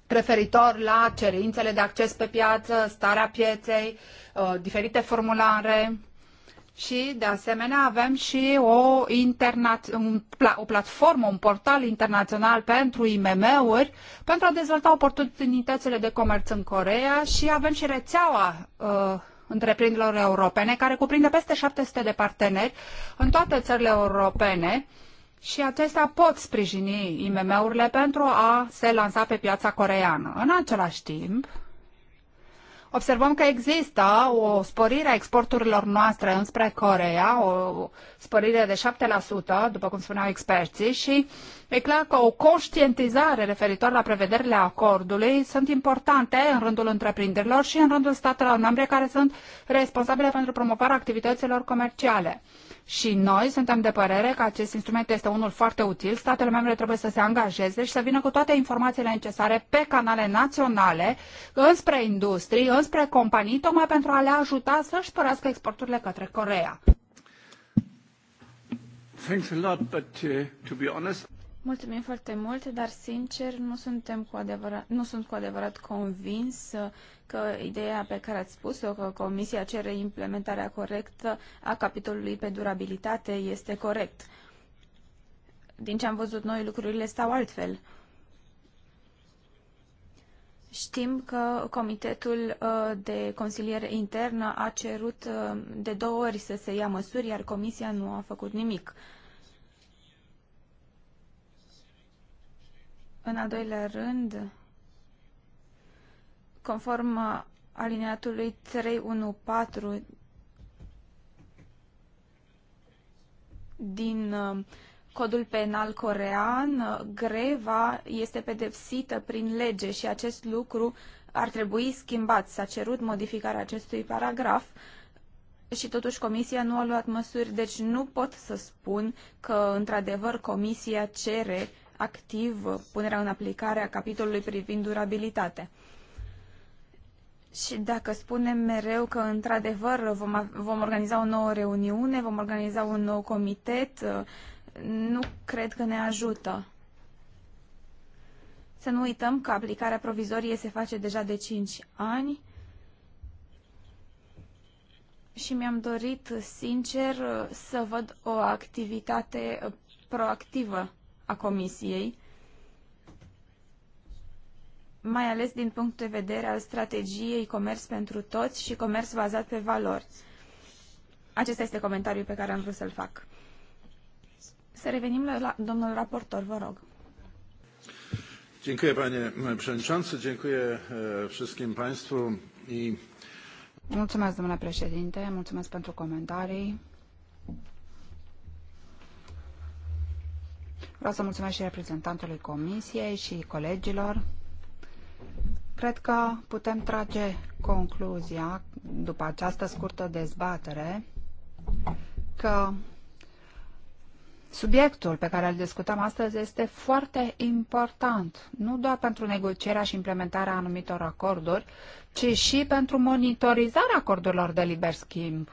referitor la cerințele de acces pe piață, starea pieței, uh, diferite formulare și, de asemenea, avem și o, un, o platformă, un portal internațional pentru IMM-uri, pentru a dezvolta oportunitățile de comerț în Corea și avem și rețeaua uh, întreprinderilor europene, care cuprinde peste 700 de parteneri în toate țările europene și acestea pot sprijini IMM-urile pentru a se lansa pe piața coreeană. În același timp, observăm că există o sporire a exporturilor noastre înspre Corea, o sporire de 7%, după cum spuneau experții, și e clar că o conștientizare referitor la prevederile acordului sunt importante în rândul întreprinderilor și în rândul statelor membre care sunt responsabile pentru promovarea activităților comerciale. Și noi suntem de părere că acest instrument este unul foarte util. Statele membre trebuie să se angajeze și să vină cu toate informațiile necesare pe canale naționale, înspre industrii, înspre companii, tocmai pentru a le ajuta să-și părească exporturile către Corea. Thanks a lot, but uh, to be honest, Mulțumim foarte mult, dar sincer nu suntem cu adevărat, nu sunt cu adevărat convins uh, că ideea pe care ați spus-o, că Comisia cere implementarea corectă a capitolului pe durabilitate, este corect. Din ce am văzut noi, lucrurile stau altfel. Știm că Comitetul uh, de Consiliere Internă a cerut uh, de două ori să se ia măsuri, iar Comisia nu a făcut nimic. În al doilea rând, conform uh, alineatului 314 din uh, codul penal corean, uh, greva este pedepsită prin lege și acest lucru ar trebui schimbat. S-a cerut modificarea acestui paragraf și totuși comisia nu a luat măsuri, deci nu pot să spun că într-adevăr comisia cere activ punerea în aplicare a capitolului privind durabilitatea. Și dacă spunem mereu că, într-adevăr, vom, vom organiza o nouă reuniune, vom organiza un nou comitet, uh, nu cred că ne ajută. Să nu uităm că aplicarea provizorie se face deja de 5 ani și mi-am dorit, sincer, să văd o activitate uh, proactivă a Comisiei mai ales din punct de vedere al strategiei comerț pentru toți și comerț bazat pe valori. Acesta este comentariul pe care am vrut să-l fac. Să revenim la, la domnul raportor, vă rog. Dziękuję panie przewodniczący, dziękuję wszystkim państwu i Mulțumesc, domnule președinte, mulțumesc pentru comentarii. Vreau să mulțumesc și reprezentantului Comisiei și colegilor. Cred că putem trage concluzia după această scurtă dezbatere că Subiectul pe care îl discutăm astăzi este foarte important, nu doar pentru negocierea și implementarea anumitor acorduri, ci și pentru monitorizarea acordurilor de liber schimb.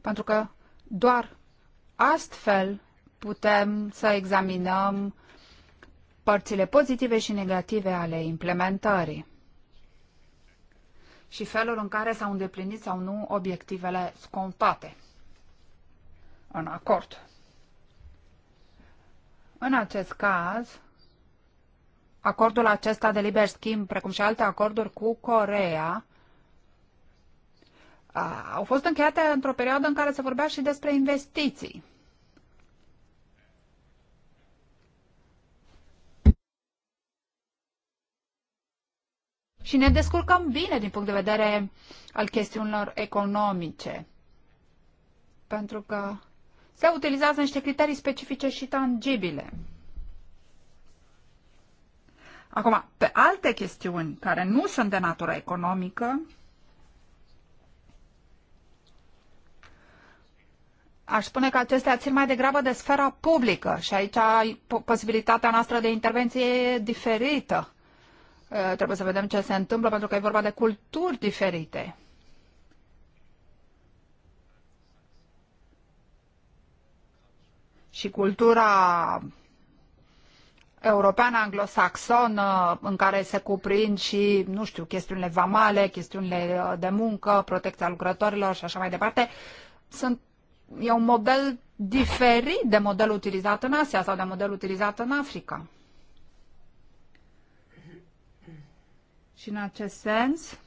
Pentru că doar astfel putem să examinăm părțile pozitive și negative ale implementării și felul în care s-au îndeplinit sau nu obiectivele scontate în acord. În acest caz, acordul acesta de liber schimb, precum și alte acorduri cu Corea, au fost încheiate într-o perioadă în care se vorbea și despre investiții. și ne descurcăm bine din punct de vedere al chestiunilor economice. Pentru că se utilizează niște criterii specifice și tangibile. Acum, pe alte chestiuni care nu sunt de natură economică, aș spune că acestea țin mai degrabă de sfera publică și aici posibilitatea noastră de intervenție e diferită. Uh, trebuie să vedem ce se întâmplă, pentru că e vorba de culturi diferite. Și cultura europeană anglosaxonă, în care se cuprind și, nu știu, chestiunile vamale, chestiunile uh, de muncă, protecția lucrătorilor și așa mai departe, sunt, e un model diferit de model utilizat în Asia sau de model utilizat în Africa. Și în acest sens,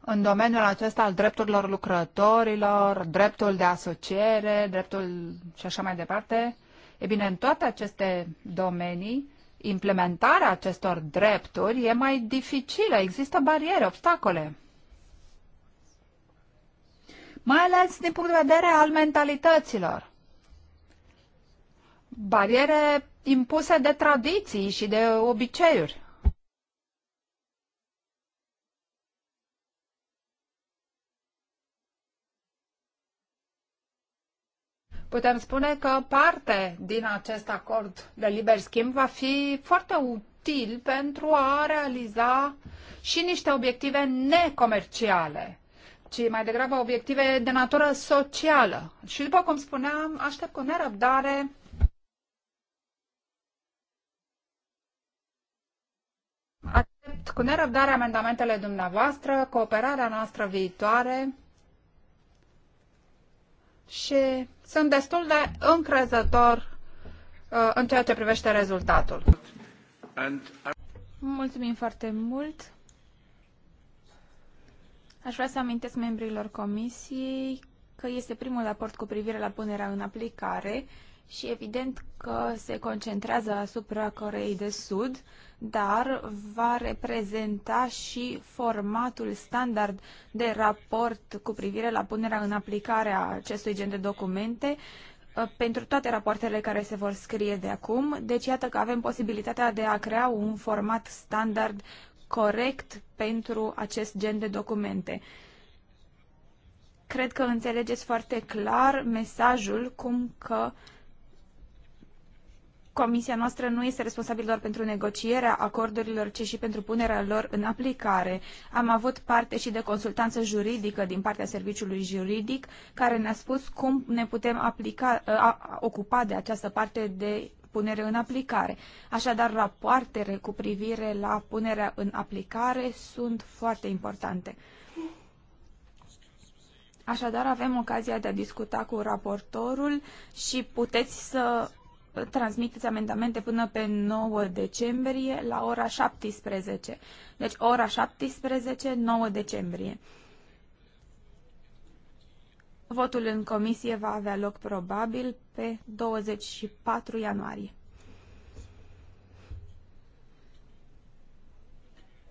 în domeniul acesta al drepturilor lucrătorilor, dreptul de asociere, dreptul și așa mai departe, e bine, în toate aceste domenii, implementarea acestor drepturi e mai dificilă, există bariere, obstacole. Mai ales din punct de vedere al mentalităților. Bariere impuse de tradiții și de obiceiuri. putem spune că parte din acest acord de liber schimb va fi foarte util pentru a realiza și niște obiective necomerciale, ci mai degrabă obiective de natură socială. Și după cum spuneam, aștept cu nerăbdare Aștept cu nerăbdare amendamentele dumneavoastră, cooperarea noastră viitoare și sunt destul de încrezător uh, în ceea ce privește rezultatul. Mulțumim foarte mult. Aș vrea să amintesc membrilor comisiei că este primul raport cu privire la punerea în aplicare și evident că se concentrează asupra Coreei de Sud, dar va reprezenta și formatul standard de raport cu privire la punerea în aplicare a acestui gen de documente uh, pentru toate rapoartele care se vor scrie de acum. Deci iată că avem posibilitatea de a crea un format standard corect pentru acest gen de documente. Cred că înțelegeți foarte clar mesajul cum că uh, Comisia noastră nu este responsabilă doar pentru negocierea acordurilor, ci și pentru punerea lor în aplicare. Am avut parte și de consultanță juridică din partea serviciului juridic, care ne-a spus cum ne putem aplica, a, ocupa de această parte de punere în aplicare. Așadar, rapoartele cu privire la punerea în aplicare sunt foarte importante. Așadar, avem ocazia de a discuta cu raportorul și puteți să transmiteți amendamente până pe 9 decembrie la ora 17. Deci ora 17, 9 decembrie. Votul în comisie va avea loc probabil pe 24 ianuarie.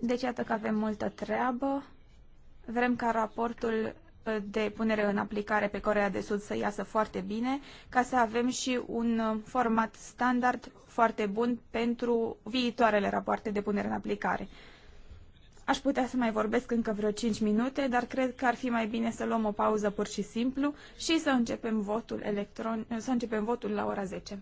Deci iată că avem multă treabă. Vrem ca raportul de punere în aplicare pe Corea de Sud să iasă foarte bine, ca să avem și un uh, format standard foarte bun pentru viitoarele rapoarte de punere în aplicare. Aș putea să mai vorbesc încă vreo 5 minute, dar cred că ar fi mai bine să luăm o pauză pur și simplu și să începem votul electron, să începem votul la ora 10.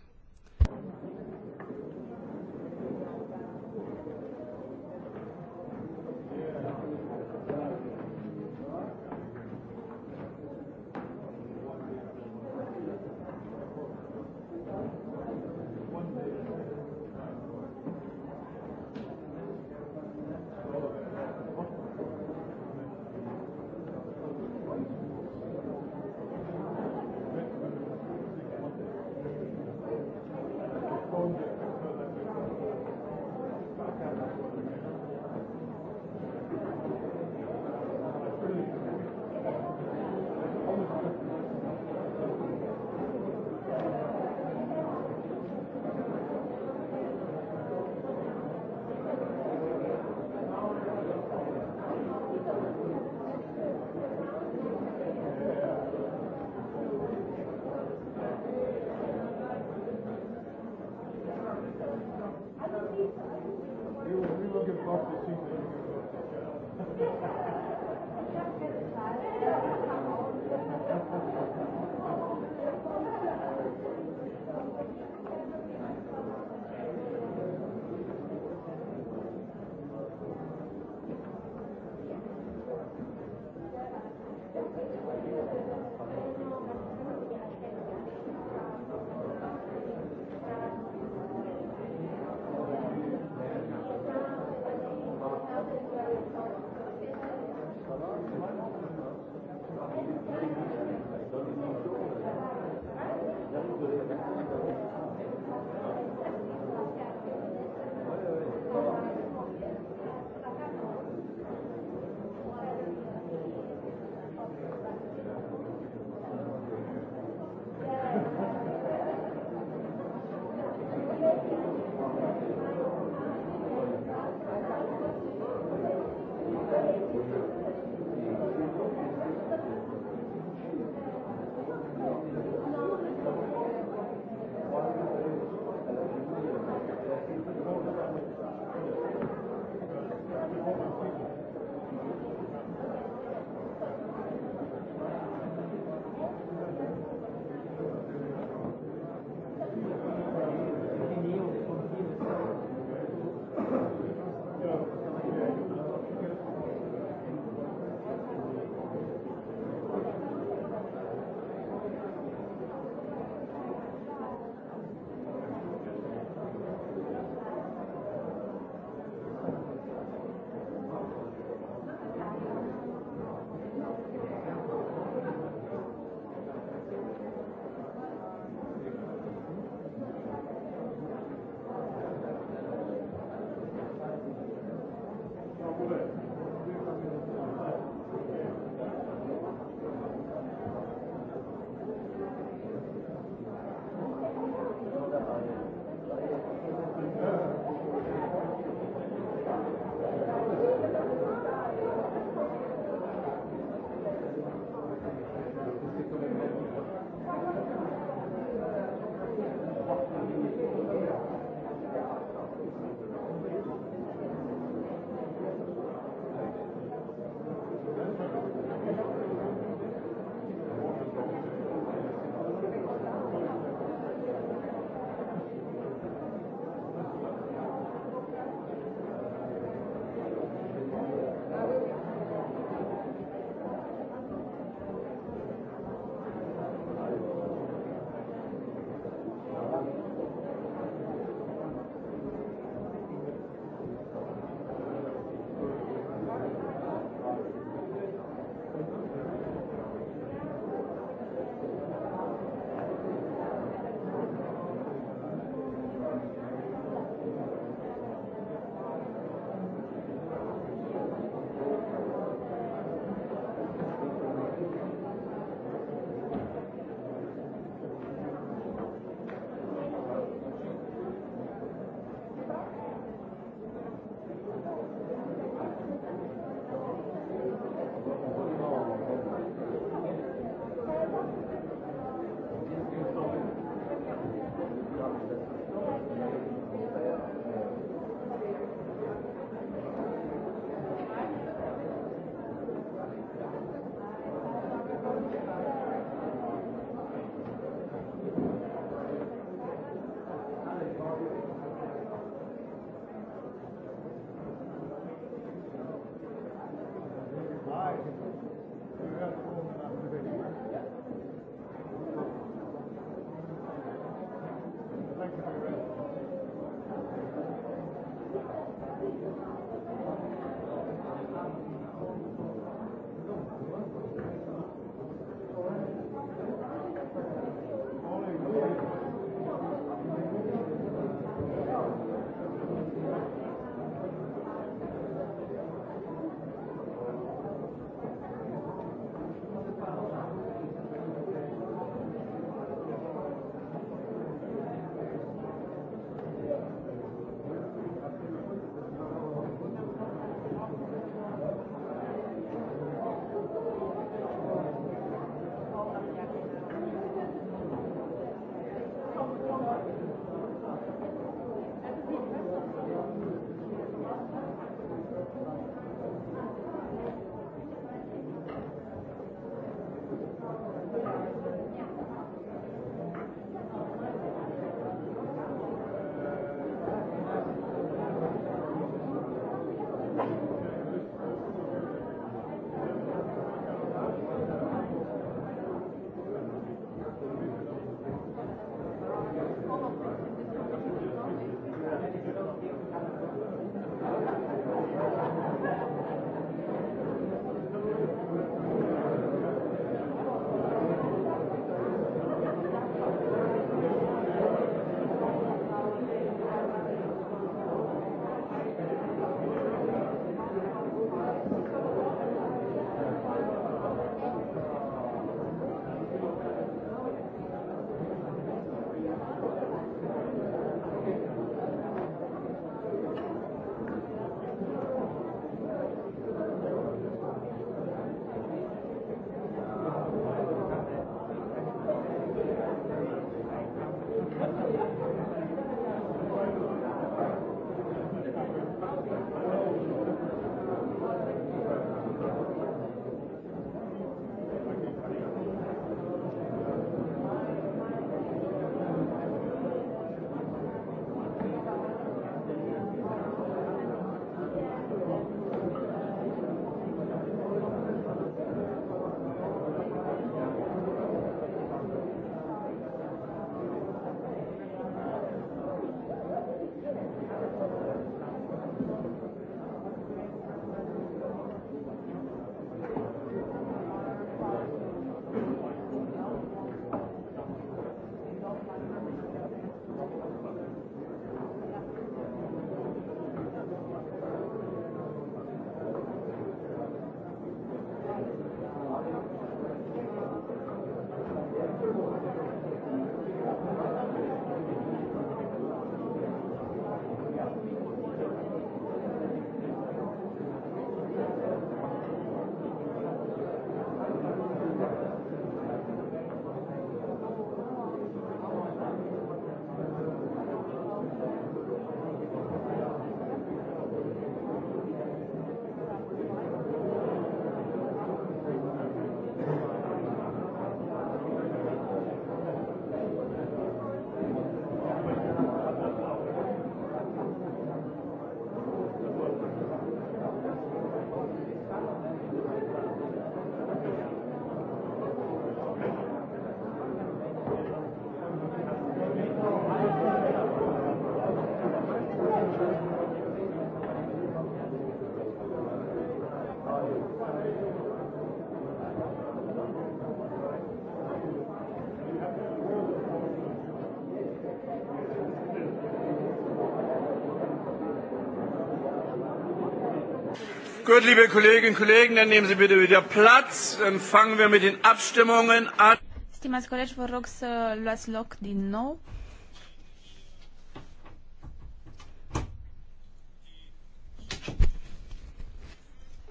Gut, liebe Kolleginnen und Kollegen, dann nehmen Sie bitte wieder Platz. Dann fangen wir mit den Abstimmungen an. Stimați colegi, vă rog să luați loc din nou.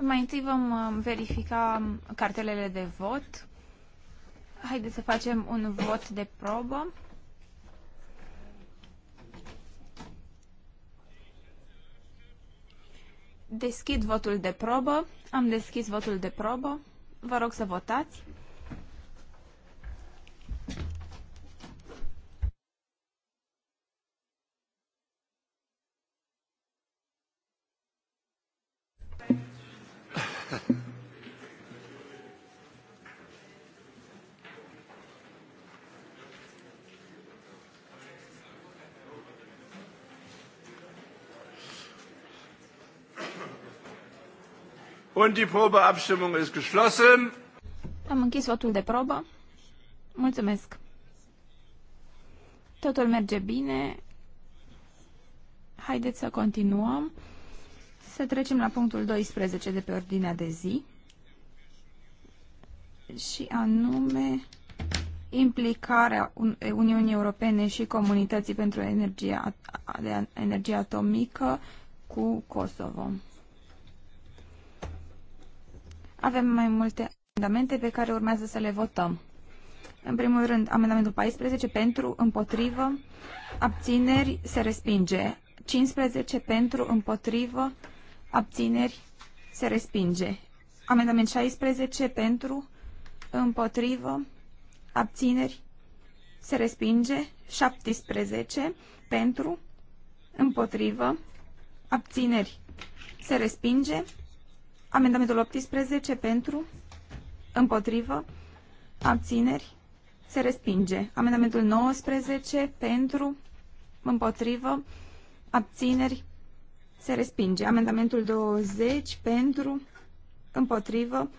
Mai întâi vom um, verifica um, cartelele de vot. Haideți să facem un vot de probă. Deschid votul de probă. Am deschis votul de probă. Vă rog să votați. Und die Probeabstimmung ist geschlossen. Am închis votul de probă. Mulțumesc. Totul merge bine. Haideți să continuăm. Să trecem la punctul 12 de pe ordinea de zi. Și anume implicarea Uniunii Europene și comunității pentru energia, energia atomică cu Kosovo. Avem mai multe amendamente pe care urmează să le votăm. În primul rând, amendamentul 14 pentru, împotrivă, abțineri, se respinge. 15 pentru, împotrivă, abțineri, se respinge. Amendament 16 pentru, împotrivă, abțineri, se respinge. 17 pentru, împotrivă, abțineri, se respinge. Amendamentul 18 pentru, împotrivă, abțineri, se respinge. Amendamentul 19 pentru, împotrivă, abțineri, se respinge. Amendamentul 20 pentru, împotrivă,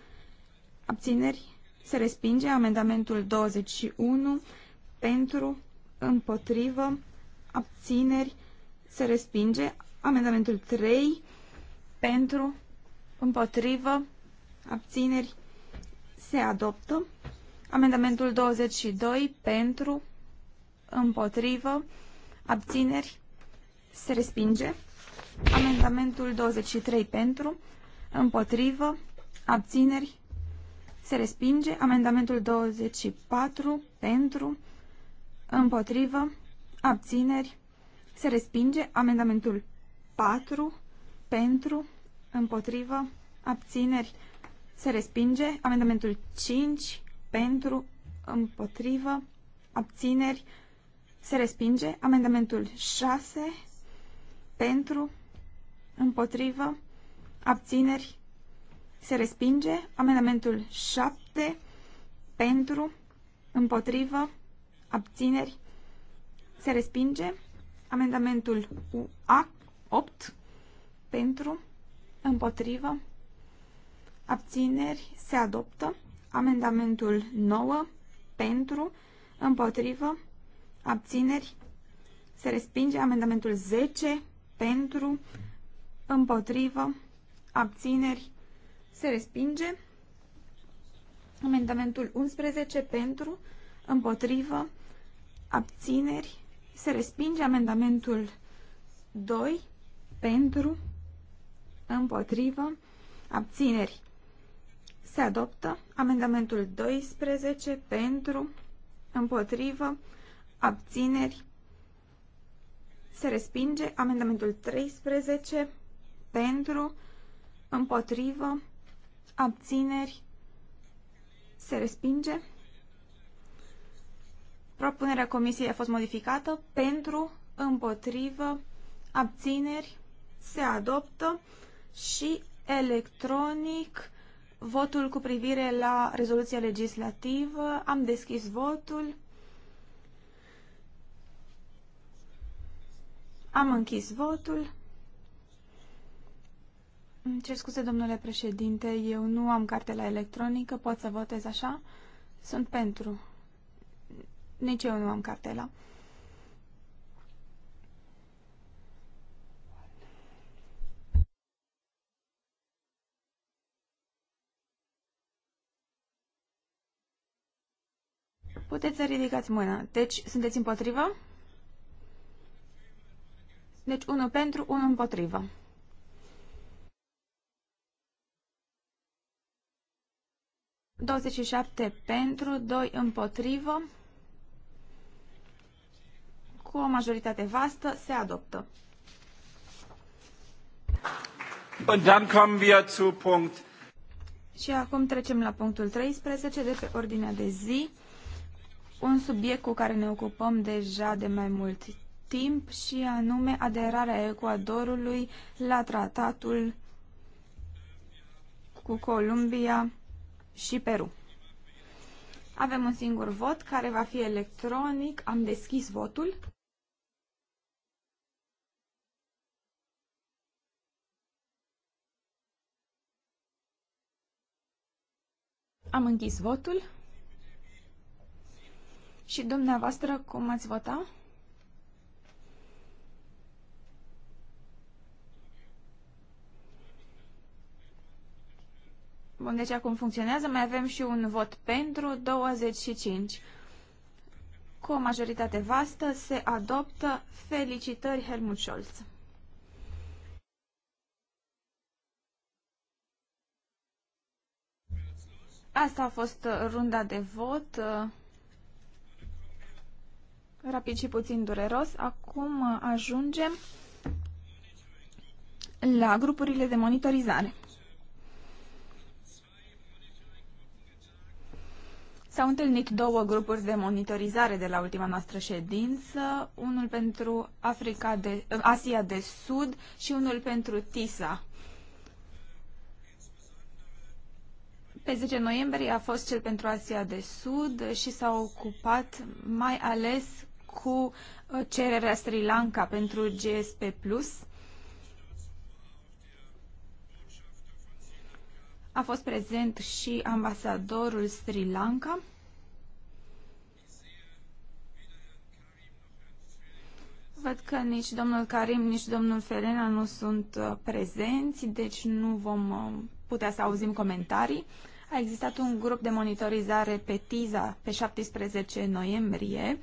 abțineri, se respinge. Amendamentul 21 pentru, împotrivă, abțineri, se respinge. Amendamentul 3 pentru, împotrivă, abțineri, se adoptă. Amendamentul 22 pentru, împotrivă, abțineri, se respinge. Amendamentul 23 pentru, împotrivă, abțineri, se respinge. Amendamentul 24 pentru, împotrivă, abțineri, se respinge. Amendamentul 4 pentru, împotrivă, abțineri, se respinge. Amendamentul 5, pentru, împotrivă, abțineri, se respinge. Amendamentul 6, pentru, împotrivă, abțineri, se respinge. Amendamentul 7, pentru, împotrivă, abțineri, se respinge. Amendamentul UA 8 pentru, împotrivă, abțineri, se adoptă. Amendamentul 9, pentru, împotrivă, abțineri, se respinge. Amendamentul 10, pentru, împotrivă, abțineri, se respinge. Amendamentul 11, pentru, împotrivă, abțineri, se respinge. Amendamentul 2, pentru, împotrivă, abțineri. Se adoptă amendamentul 12 pentru, împotrivă, abțineri. Se respinge amendamentul 13 pentru, împotrivă, abțineri. Se respinge. Propunerea comisiei a fost modificată pentru, împotrivă, abțineri. Se adoptă și electronic votul cu privire la rezoluția legislativă. Am deschis votul. Am închis votul. Îmi cer scuze, domnule președinte, eu nu am cartela electronică, pot să votez așa? Sunt pentru. Nici eu nu am cartela. Puteți să ridicați mâna. Deci, sunteți împotrivă? Deci, unul pentru, unul împotrivă. Douăzeci șapte pentru, doi împotrivă. Cu o majoritate vastă, se adoptă. Und dann kommen wir zu Punkt. Și acum trecem la punctul 13 de pe ordinea de zi un subiect cu care ne ocupăm deja de mai mult timp și anume aderarea Ecuadorului la tratatul cu Columbia și Peru. Avem un singur vot care va fi electronic. Am deschis votul. Am închis votul. Și dumneavoastră, cum ați vota? Bun, deci acum funcționează. Mai avem și un vot pentru, 25. Cu o majoritate vastă se adoptă. Felicitări, Helmut Scholz! Asta a fost uh, runda de vot. Uh, rapid și puțin dureros. Acum ajungem la grupurile de monitorizare. S-au întâlnit două grupuri de monitorizare de la ultima noastră ședință, unul pentru Africa de, Asia de Sud și unul pentru TISA. Pe 10 noiembrie a fost cel pentru Asia de Sud și s-a ocupat mai ales cu uh, cererea Sri Lanka pentru GSP+. A fost prezent și ambasadorul Sri Lanka. Văd că nici domnul Karim, nici domnul Ferena nu sunt uh, prezenți, deci nu vom uh, putea să auzim comentarii. A existat un grup de monitorizare pe TISA pe 17 noiembrie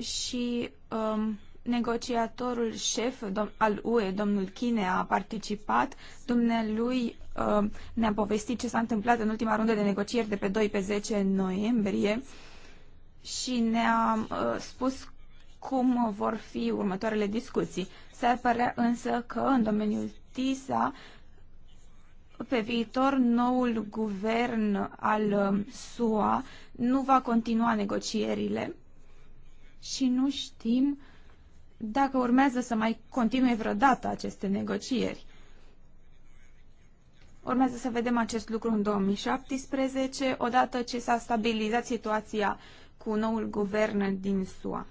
și um, negociatorul șef al UE, domnul Chine, a participat. Dumnealui um, ne-a povestit ce s-a întâmplat în ultima rundă de negocieri de pe 2 pe 10 noiembrie și ne-a uh, spus cum vor fi următoarele discuții. Se ar părea însă că în domeniul TISA pe viitor noul guvern al um, SUA nu va continua negocierile și nu știm dacă urmează să mai continue vreodată aceste negocieri. Urmează să vedem acest lucru în 2017, odată ce s-a stabilizat situația cu noul guvern din SUA.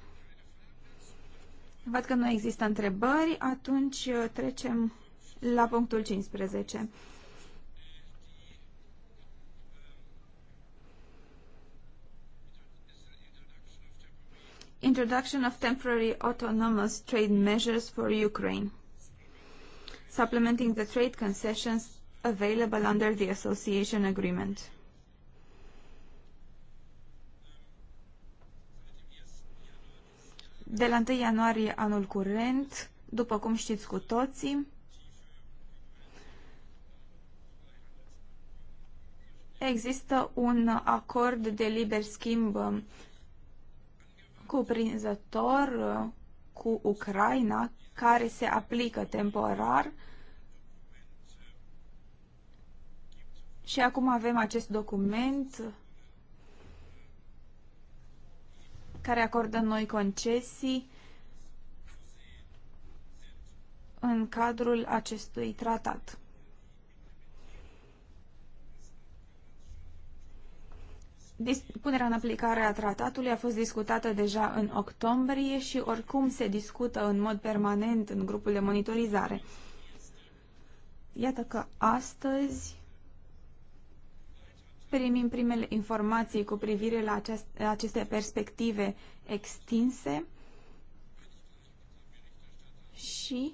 Văd că nu există întrebări, atunci trecem la punctul 15. Introduction of temporary autonomous trade measures for Ukraine, supplementing the trade concessions available under the association agreement. De la 1 ianuarie anul curent, după cum știți cu toții, există un acord de liber schimb cuprinzător uh, cu Ucraina care se aplică temporar și acum avem acest document care acordă noi concesii în cadrul acestui tratat. Punerea în aplicare a tratatului a fost discutată deja în octombrie și oricum se discută în mod permanent în grupul de monitorizare. Iată că astăzi primim primele informații cu privire la aceste perspective extinse și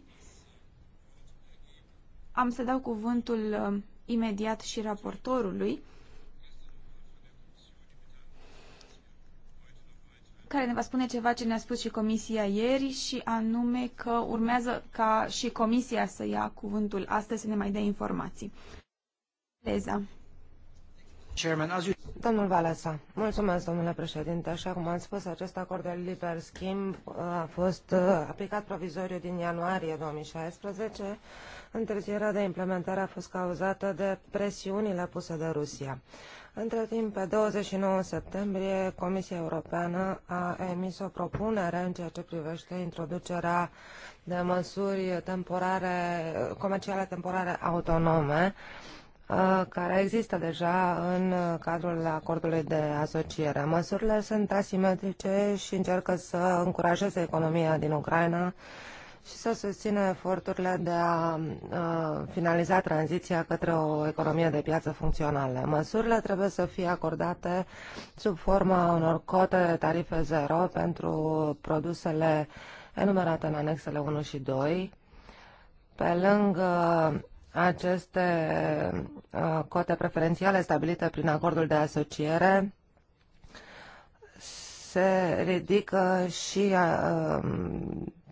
am să dau cuvântul uh, imediat și raportorului care ne va spune ceva ce ne-a spus și Comisia ieri și anume că urmează ca și Comisia să ia cuvântul astăzi să ne mai dea informații. Leza. Domnul Valesa, mulțumesc, domnule președinte. Așa cum am spus, acest acord de liber schimb uh, a fost uh, aplicat provizoriu din ianuarie 2016. Întârzierea de implementare a fost cauzată de presiunile puse de Rusia. Între timp, pe 29 septembrie, Comisia Europeană a emis o propunere în ceea ce privește introducerea de măsuri temporare, comerciale temporare autonome, uh, care există deja în cadrul acordului de asociere. Măsurile sunt asimetrice și încearcă să încurajeze economia din Ucraina și să susțină eforturile de a finaliza tranziția către o economie de piață funcțională. Măsurile trebuie să fie acordate sub forma unor cote de tarife zero pentru produsele enumerate în anexele 1 și 2, pe lângă aceste cote preferențiale stabilite prin acordul de asociere, se ridică și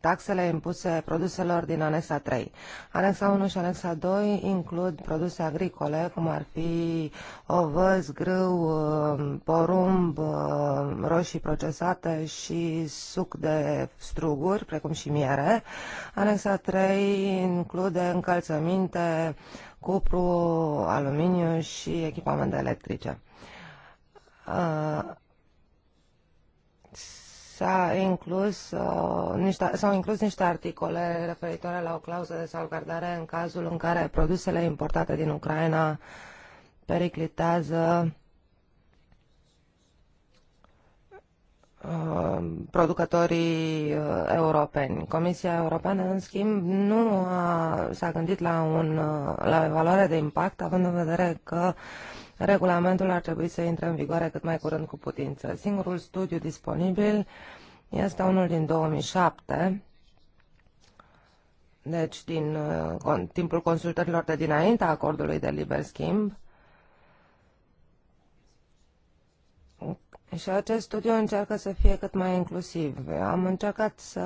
taxele impuse produselor din anexa 3. Anexa 1 și anexa 2 includ produse agricole, cum ar fi ovăz, grâu, uh, porumb, uh, roșii procesate și suc de struguri, precum și miere. Anexa 3 include încălțăminte, cupru, aluminiu și echipamente electrice. Uh, s inclus, uh, niște, au inclus niște articole referitoare la o clauză de salvgardare în cazul în care produsele importate din Ucraina periclitează uh, producătorii uh, europeni. Comisia Europeană, în schimb, nu a, s-a gândit la, un, la evaluare de impact, având în vedere că uh, regulamentul ar trebui să intre în vigoare cât mai curând cu putință. Singurul studiu disponibil este unul din 2007, deci din uh, con, timpul consultărilor de dinainte a acordului de liber schimb. Și acest studiu încearcă să fie cât mai inclusiv. Am încercat să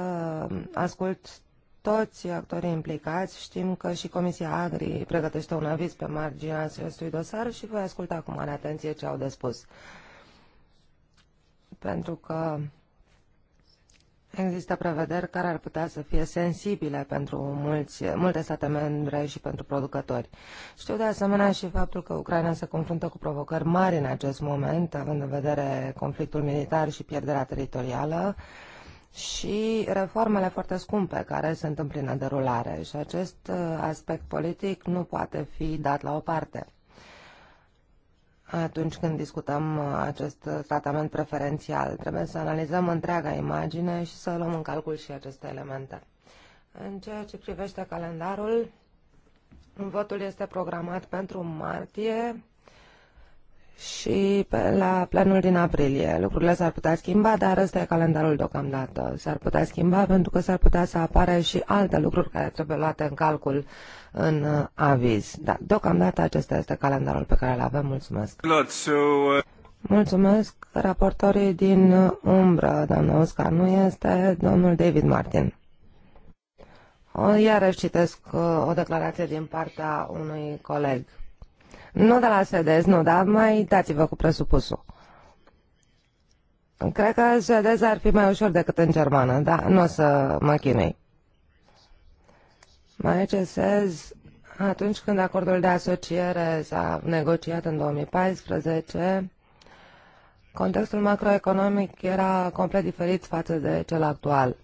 ascult toți actorii implicați. Știm că și Comisia Agri pregătește un aviz pe marginea acestui dosar și voi asculta cu mare atenție ce au de spus. Pentru că Există prevederi care ar putea să fie sensibile pentru mulți, multe state membre și pentru producători. Știu de asemenea și faptul că Ucraina se confruntă cu provocări mari în acest moment, având în vedere conflictul militar și pierderea teritorială și reformele foarte scumpe care sunt în plină derulare și acest uh, aspect politic nu poate fi dat la o parte atunci când discutăm uh, acest tratament preferențial. Trebuie să analizăm întreaga imagine și să luăm în calcul și aceste elemente. În ceea ce privește calendarul, votul este programat pentru martie, și pe, la planul din aprilie. Lucrurile s-ar putea schimba, dar ăsta e calendarul deocamdată. S-ar putea schimba pentru că s-ar putea să apară și alte lucruri care trebuie luate în calcul în uh, aviz. Da, deocamdată acesta este calendarul pe care îl avem. Mulțumesc! Mulțumesc raportorii din uh, umbră, doamna Oscar, nu este domnul David Martin. O, iarăși citesc uh, o declarație din partea unui coleg nu de la SEDES, nu, dar mai dați-vă cu presupusul. Cred că suedeza ar fi mai ușor decât în germană, da? Nu o să mă chinui. Mai cesez atunci când acordul de asociere s-a negociat în 2014, contextul macroeconomic era complet diferit față de cel actual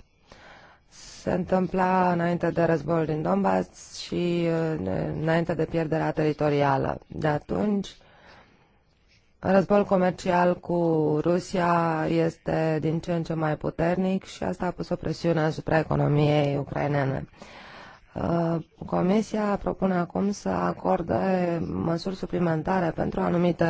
se întâmpla înainte de războiul din Donbass și uh, înainte de pierderea teritorială. De atunci, războiul comercial cu Rusia este din ce în ce mai puternic și asta a pus o presiune asupra economiei ucrainene. Uh, Comisia propune acum să acorde măsuri suplimentare pentru anumite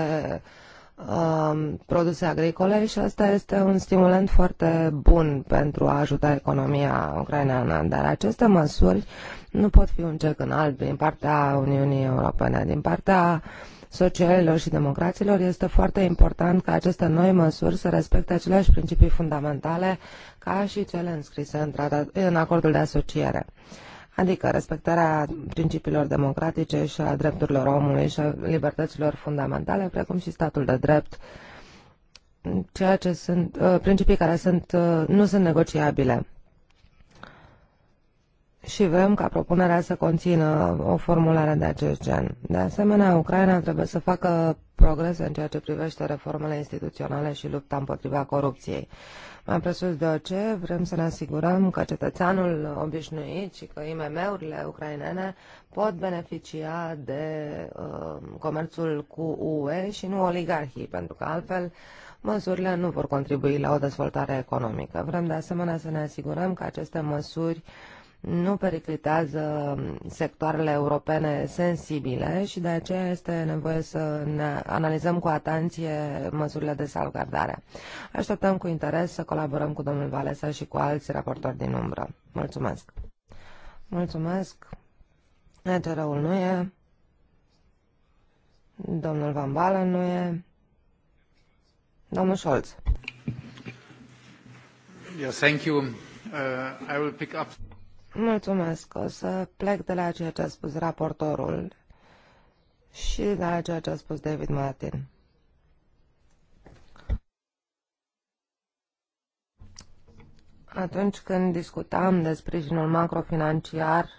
Um, produse agricole și asta este un stimulant foarte bun pentru a ajuta economia ucraineană, dar aceste măsuri nu pot fi un cec în alb din partea Uniunii Europene, din partea socialilor și democraților, este foarte important ca aceste noi măsuri să respecte aceleași principii fundamentale ca și cele înscrise în, tratat, în acordul de asociere. Uh, adică respectarea principiilor democratice și a drepturilor omului și a libertăților fundamentale, precum și statul de drept, ceea ce sunt uh, principii care sunt, uh, nu sunt negociabile. Și vrem ca propunerea să conțină o formulare de acest gen. De asemenea, Ucraina trebuie să facă progrese în ceea ce privește reformele instituționale și lupta împotriva corupției. Mai presus de orice, vrem să ne asigurăm că cetățeanul obișnuit și că IMM-urile ucrainene pot beneficia de uh, comerțul cu UE și nu oligarhii, pentru că altfel măsurile nu vor contribui la o dezvoltare economică. Vrem de asemenea să ne asigurăm că aceste măsuri uh, nu periclitează sectoarele europene sensibile și de aceea este nevoie să ne analizăm cu atenție măsurile de salvgardare. Așteptăm cu interes să colaborăm cu domnul Valesa și cu alți raportori din umbră. Mulțumesc! Mulțumesc! ECR-ul nu e, domnul Van Balen nu e, domnul Scholz. Yeah, thank you. Uh, I will pick up Mulțumesc. O să plec de la ceea ce a spus raportorul și de la ceea ce a spus David Martin. Atunci când discutam de sprijinul macrofinanciar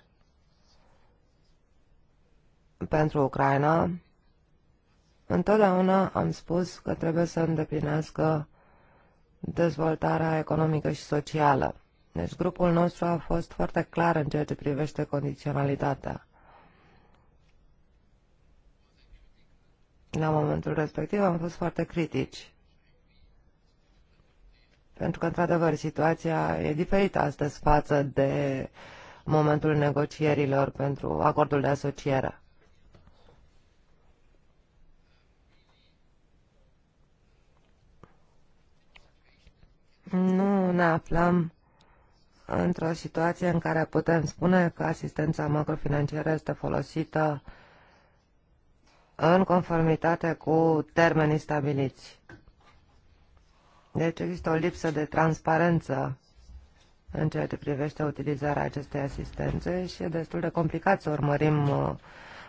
pentru Ucraina, întotdeauna am spus că trebuie să îndeplinească dezvoltarea economică și socială. Deci grupul nostru a fost foarte clar în ceea ce privește condiționalitatea. La momentul respectiv am fost foarte critici. Pentru că, într-adevăr, situația e diferită astăzi față de momentul negocierilor pentru acordul de asociere. Nu ne aflăm într-o situație în care putem spune că asistența macrofinanciară este folosită în conformitate cu termenii stabiliți. Deci există o lipsă de transparență în ceea ce privește utilizarea acestei asistențe și e destul de complicat să urmărim uh,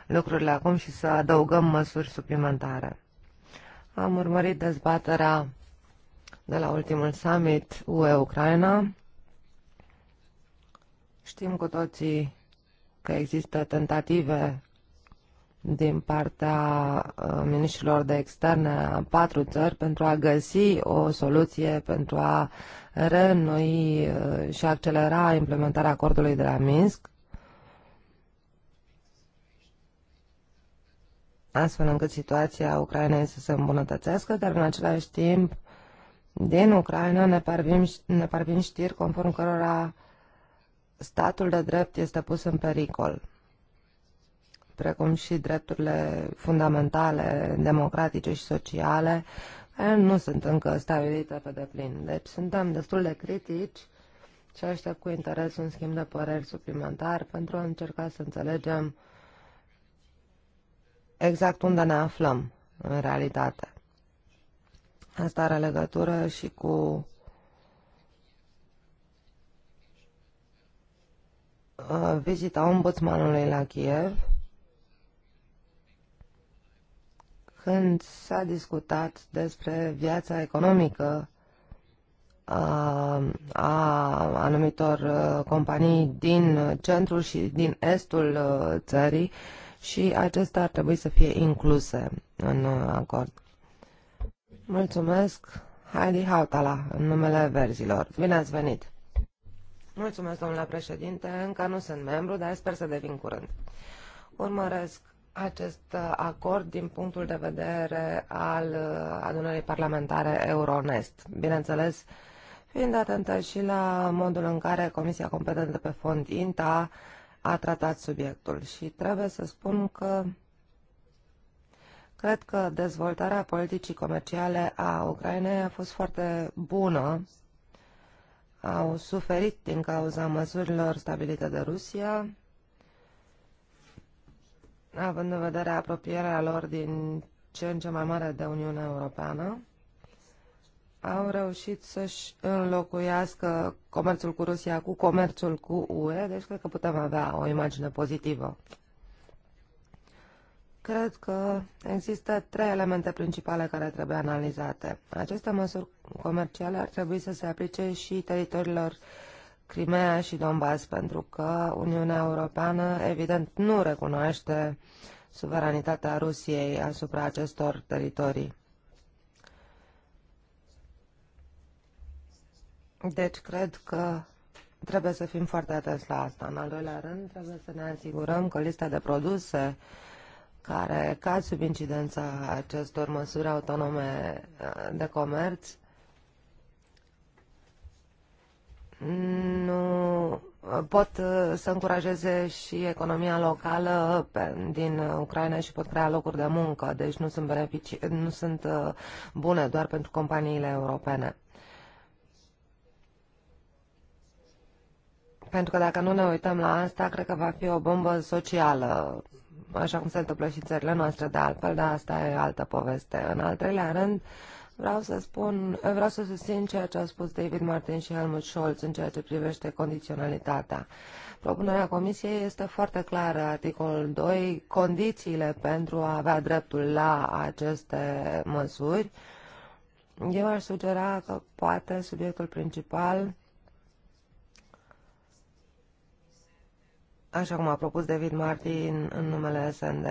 lucrurile acum și să adăugăm măsuri suplimentare. Am urmărit dezbaterea de la ultimul summit UE-Ucraina Știm cu toții că există tentative din partea uh, ministrilor de externe a patru țări pentru a găsi o soluție pentru a reînnoi uh, și accelera implementarea acordului de la Minsk, astfel încât situația Ucrainei să se îmbunătățească, dar în același timp din Ucraina ne parvin, ne parvin știri conform cărora statul de drept este pus în pericol, precum și drepturile fundamentale, democratice și sociale, nu sunt încă stabilite pe deplin. Deci suntem destul de critici și aștept cu interes un schimb de păreri suplimentar pentru a încerca să înțelegem exact unde ne aflăm în realitate. Asta are legătură și cu Uh, vizita ombudsmanului la Kiev, când s-a discutat despre viața economică a, uh, a anumitor uh, companii din centrul și din estul țării și acestea ar trebui să fie incluse în acord. Mulțumesc, Heidi Hautala, în numele verzilor. Bine ați venit! Mulțumesc, domnule președinte. Încă nu sunt membru, dar sper să devin curând. Urmăresc acest uh, acord din punctul de vedere al uh, adunării parlamentare Euronest. Bineînțeles, fiind atentă și la modul în care Comisia competentă pe fond INTA a tratat subiectul. Și trebuie să spun că cred că dezvoltarea politicii comerciale a Ucrainei a fost foarte bună au suferit din cauza măsurilor stabilite de Rusia, având în vedere apropierea lor din ce în ce mai mare de Uniunea Europeană, au reușit să-și înlocuiască comerțul cu Rusia cu comerțul cu UE, deci cred că putem avea o imagine pozitivă Cred că există trei elemente principale care trebuie analizate. Aceste măsuri comerciale ar trebui să se aplice și teritoriilor Crimea și Donbass, pentru că Uniunea Europeană, evident, nu recunoaște suveranitatea Rusiei asupra acestor teritorii. Deci, cred că trebuie să fim foarte atenți la asta. În al doilea rând, trebuie să ne asigurăm că lista de produse care cad sub incidența acestor măsuri autonome uh, de comerț nu uh, pot uh, să încurajeze și economia locală din Ucraina și pot crea locuri de muncă, deci nu sunt, benefici, nu sunt bune doar pentru companiile europene. Pentru că dacă nu ne uităm la asta, cred că va fi o bombă socială așa cum se întâmplă și în țările noastre de altfel, dar asta e altă poveste. În al treilea rând, vreau să spun, vreau să susțin ceea ce au spus David Martin și Helmut Scholz în ceea ce privește condiționalitatea. Propunerea Comisiei este foarte clară, articolul 2, condițiile pentru a avea dreptul la aceste măsuri. Eu aș sugera că poate subiectul principal așa cum a propus David Martin în numele SND,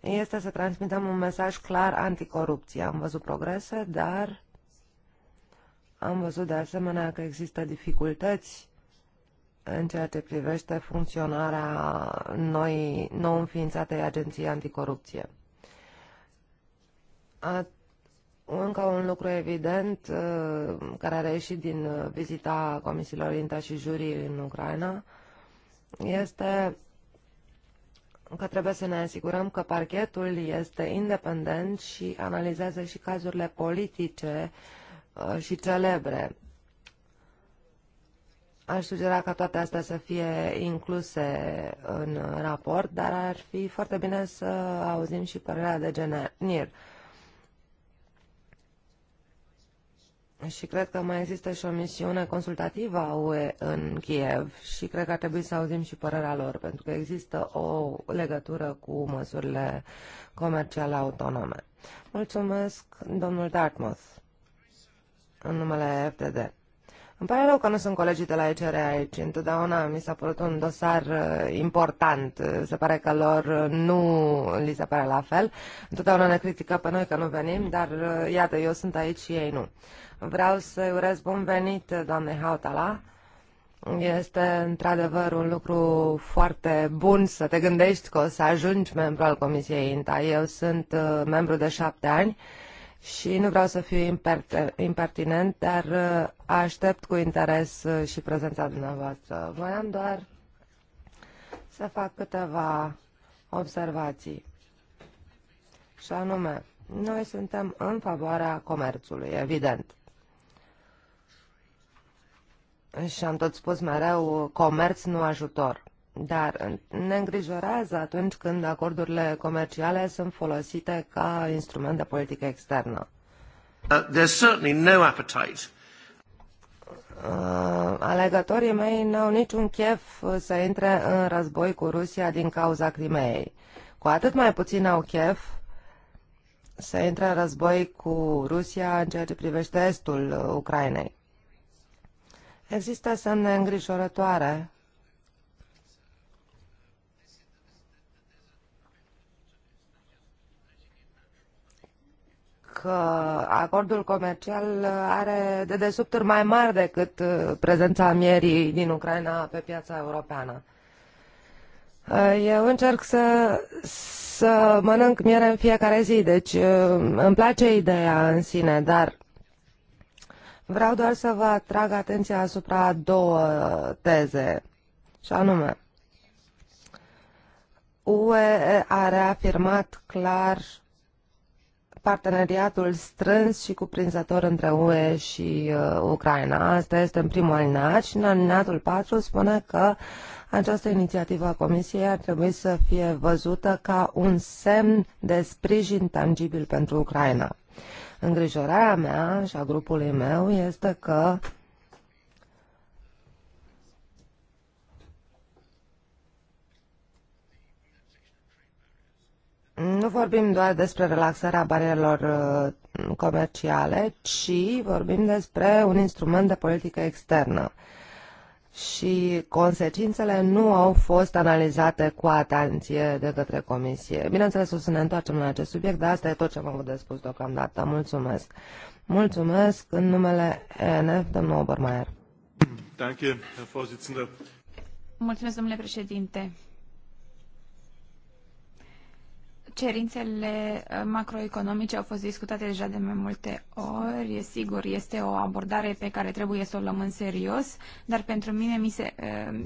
este să transmitem un mesaj clar anticorupție. Am văzut progrese, dar am văzut de asemenea că există dificultăți în ceea ce privește funcționarea noi, nou înființatei agenții anticorupție. A, încă un lucru evident uh, care a reieșit din uh, vizita comisiilor INTA și jurii în Ucraina este că trebuie să ne asigurăm că parchetul este independent și analizează și cazurile politice uh, și celebre. Aș sugera ca toate astea să fie incluse în raport, dar ar fi foarte bine să auzim și părerea de genier. și cred că mai există și o misiune consultativă a UE în Kiev și cred că ar trebui să auzim și părerea lor, pentru că există o legătură cu măsurile comerciale autonome. Mulțumesc, domnul Dartmouth, în numele FDD. Îmi pare rău că nu sunt colegii de la ECR aici. Întotdeauna mi s-a părut un dosar uh, important. Uh, se pare că lor uh, nu li se pare la fel. Întotdeauna ne critică pe noi că nu venim, dar iată, eu sunt aici și ei nu. Vreau să-i urez bun venit, doamne Hautala. Este într-adevăr un lucru foarte bun să te gândești că o să ajungi membru al Comisiei INTA. Eu sunt membru de șapte ani și nu vreau să fiu impertinent, dar uh, aștept cu interes uh, și prezența dumneavoastră. Voiam doar să fac câteva observații. Și anume, noi suntem în favoarea comerțului, evident. Și am tot spus mereu, comerț nu ajutor. Dar ne îngrijorează atunci când acordurile comerciale sunt folosite ca instrument de politică externă. Uh, there's certainly no appetite. Uh, alegătorii mei n-au niciun chef să intre în război cu Rusia din cauza Crimeei. Cu atât mai puțin au chef să intre în război cu Rusia în ceea ce privește estul uh, Ucrainei. Există semne îngrijorătoare că acordul comercial are dedesubturi mai mari decât uh, prezența mierii din Ucraina pe piața europeană. Uh, eu încerc să, să mănânc miere în fiecare zi, deci uh, îmi place ideea în sine, dar vreau doar să vă atrag atenția asupra două teze, și anume, UE a reafirmat clar parteneriatul strâns și cuprinzător între UE și uh, Ucraina. Asta este în primul alineat și în alineatul 4 spune că această inițiativă a Comisiei ar trebui să fie văzută ca un semn de sprijin tangibil pentru Ucraina. Îngrijorarea mea și a grupului meu este că Nu vorbim doar despre relaxarea barierelor uh, comerciale, ci vorbim despre un instrument de politică externă. Și consecințele nu au fost analizate cu atenție de către Comisie. Bineînțeles, o să ne întoarcem la acest subiect, dar asta e tot ce am avut de spus deocamdată. Mulțumesc! Mulțumesc în numele ENF, domnul Obermeier. Mulțumesc, domnule președinte. Cerințele uh, macroeconomice au fost discutate deja de mai multe ori. E sigur, este o abordare pe care trebuie să o luăm în serios, dar pentru mine, mi se, uh,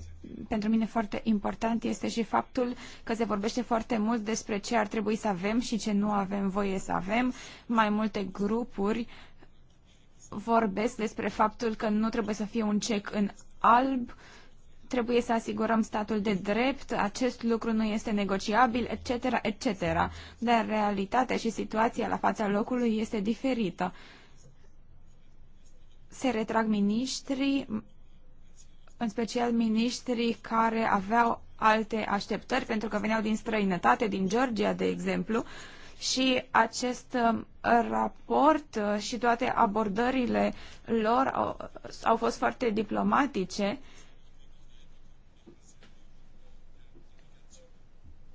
pentru mine foarte important este și faptul că se vorbește foarte mult despre ce ar trebui să avem și ce nu avem voie să avem. Mai multe grupuri vorbesc despre faptul că nu trebuie să fie un cec în alb, uh, trebuie să asigurăm statul de drept, acest lucru nu este negociabil, etc., etc. Dar realitatea și situația la fața locului este diferită. Se retrag miniștrii, în special miniștrii care aveau alte așteptări, pentru că veneau din străinătate, din Georgia, de exemplu, și acest uh, raport uh, și toate abordările lor au, au fost foarte diplomatice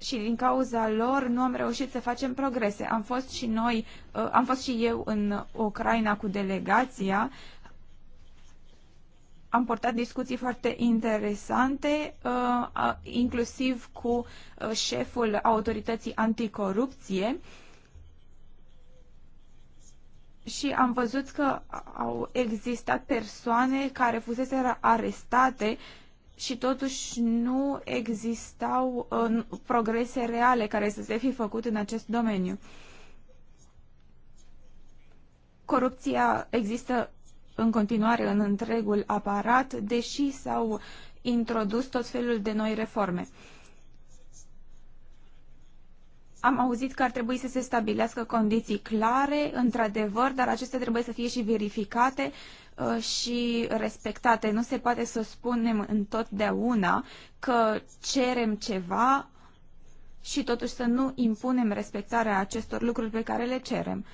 și din cauza lor nu am reușit să facem progrese. Am fost și noi, uh, am fost și eu în Ucraina cu delegația. Am portat discuții foarte interesante, uh, inclusiv cu uh, șeful autorității anticorupție și am văzut că au existat persoane care fusese arestate și totuși nu existau uh, progrese reale care să se fi făcut în acest domeniu. Corupția există în continuare în întregul aparat, deși s-au introdus tot felul de noi reforme. Uh, am auzit că ar trebui să se stabilească condiții clare, într-adevăr, dar acestea trebuie să fie și verificate uh, și respectate. Nu se poate să spunem întotdeauna că cerem ceva și totuși să nu impunem respectarea acestor lucruri pe care le cerem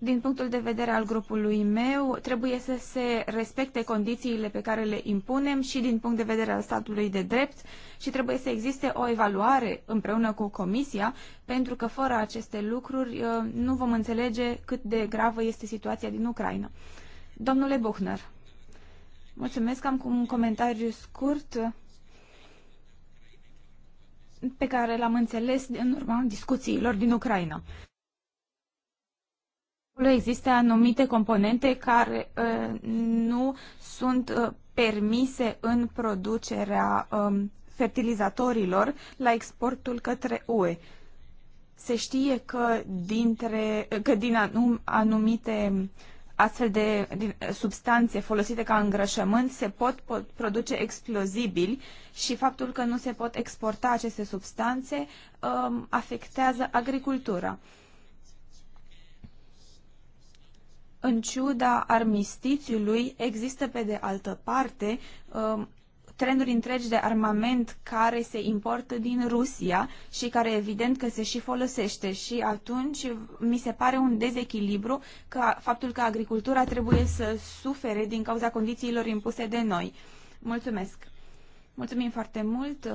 din punctul de vedere al grupului meu, trebuie să se respecte condițiile pe care le impunem și din punct de vedere al statului de drept și trebuie să existe o evaluare împreună cu Comisia, pentru că fără aceste lucruri uh, nu vom înțelege cât de gravă este situația din Ucraina. Domnule Buchner, mulțumesc, am cu un comentariu scurt pe care l-am înțeles în urma discuțiilor din Ucraina. Există anumite componente care uh, nu sunt uh, permise în producerea um, fertilizatorilor la exportul către UE. Se știe că, dintre, că din anum, anumite astfel de substanțe folosite ca îngrășământ se pot, pot produce explozibili și faptul că nu se pot exporta aceste substanțe um, afectează agricultura. Uh, în ciuda armistițiului, există pe de altă parte um, trenuri întregi de armament care se importă din Rusia și care evident că se și folosește și atunci mi se pare un dezechilibru că faptul că agricultura trebuie să sufere din cauza condițiilor impuse de noi. Mulțumesc! Mulțumim foarte mult!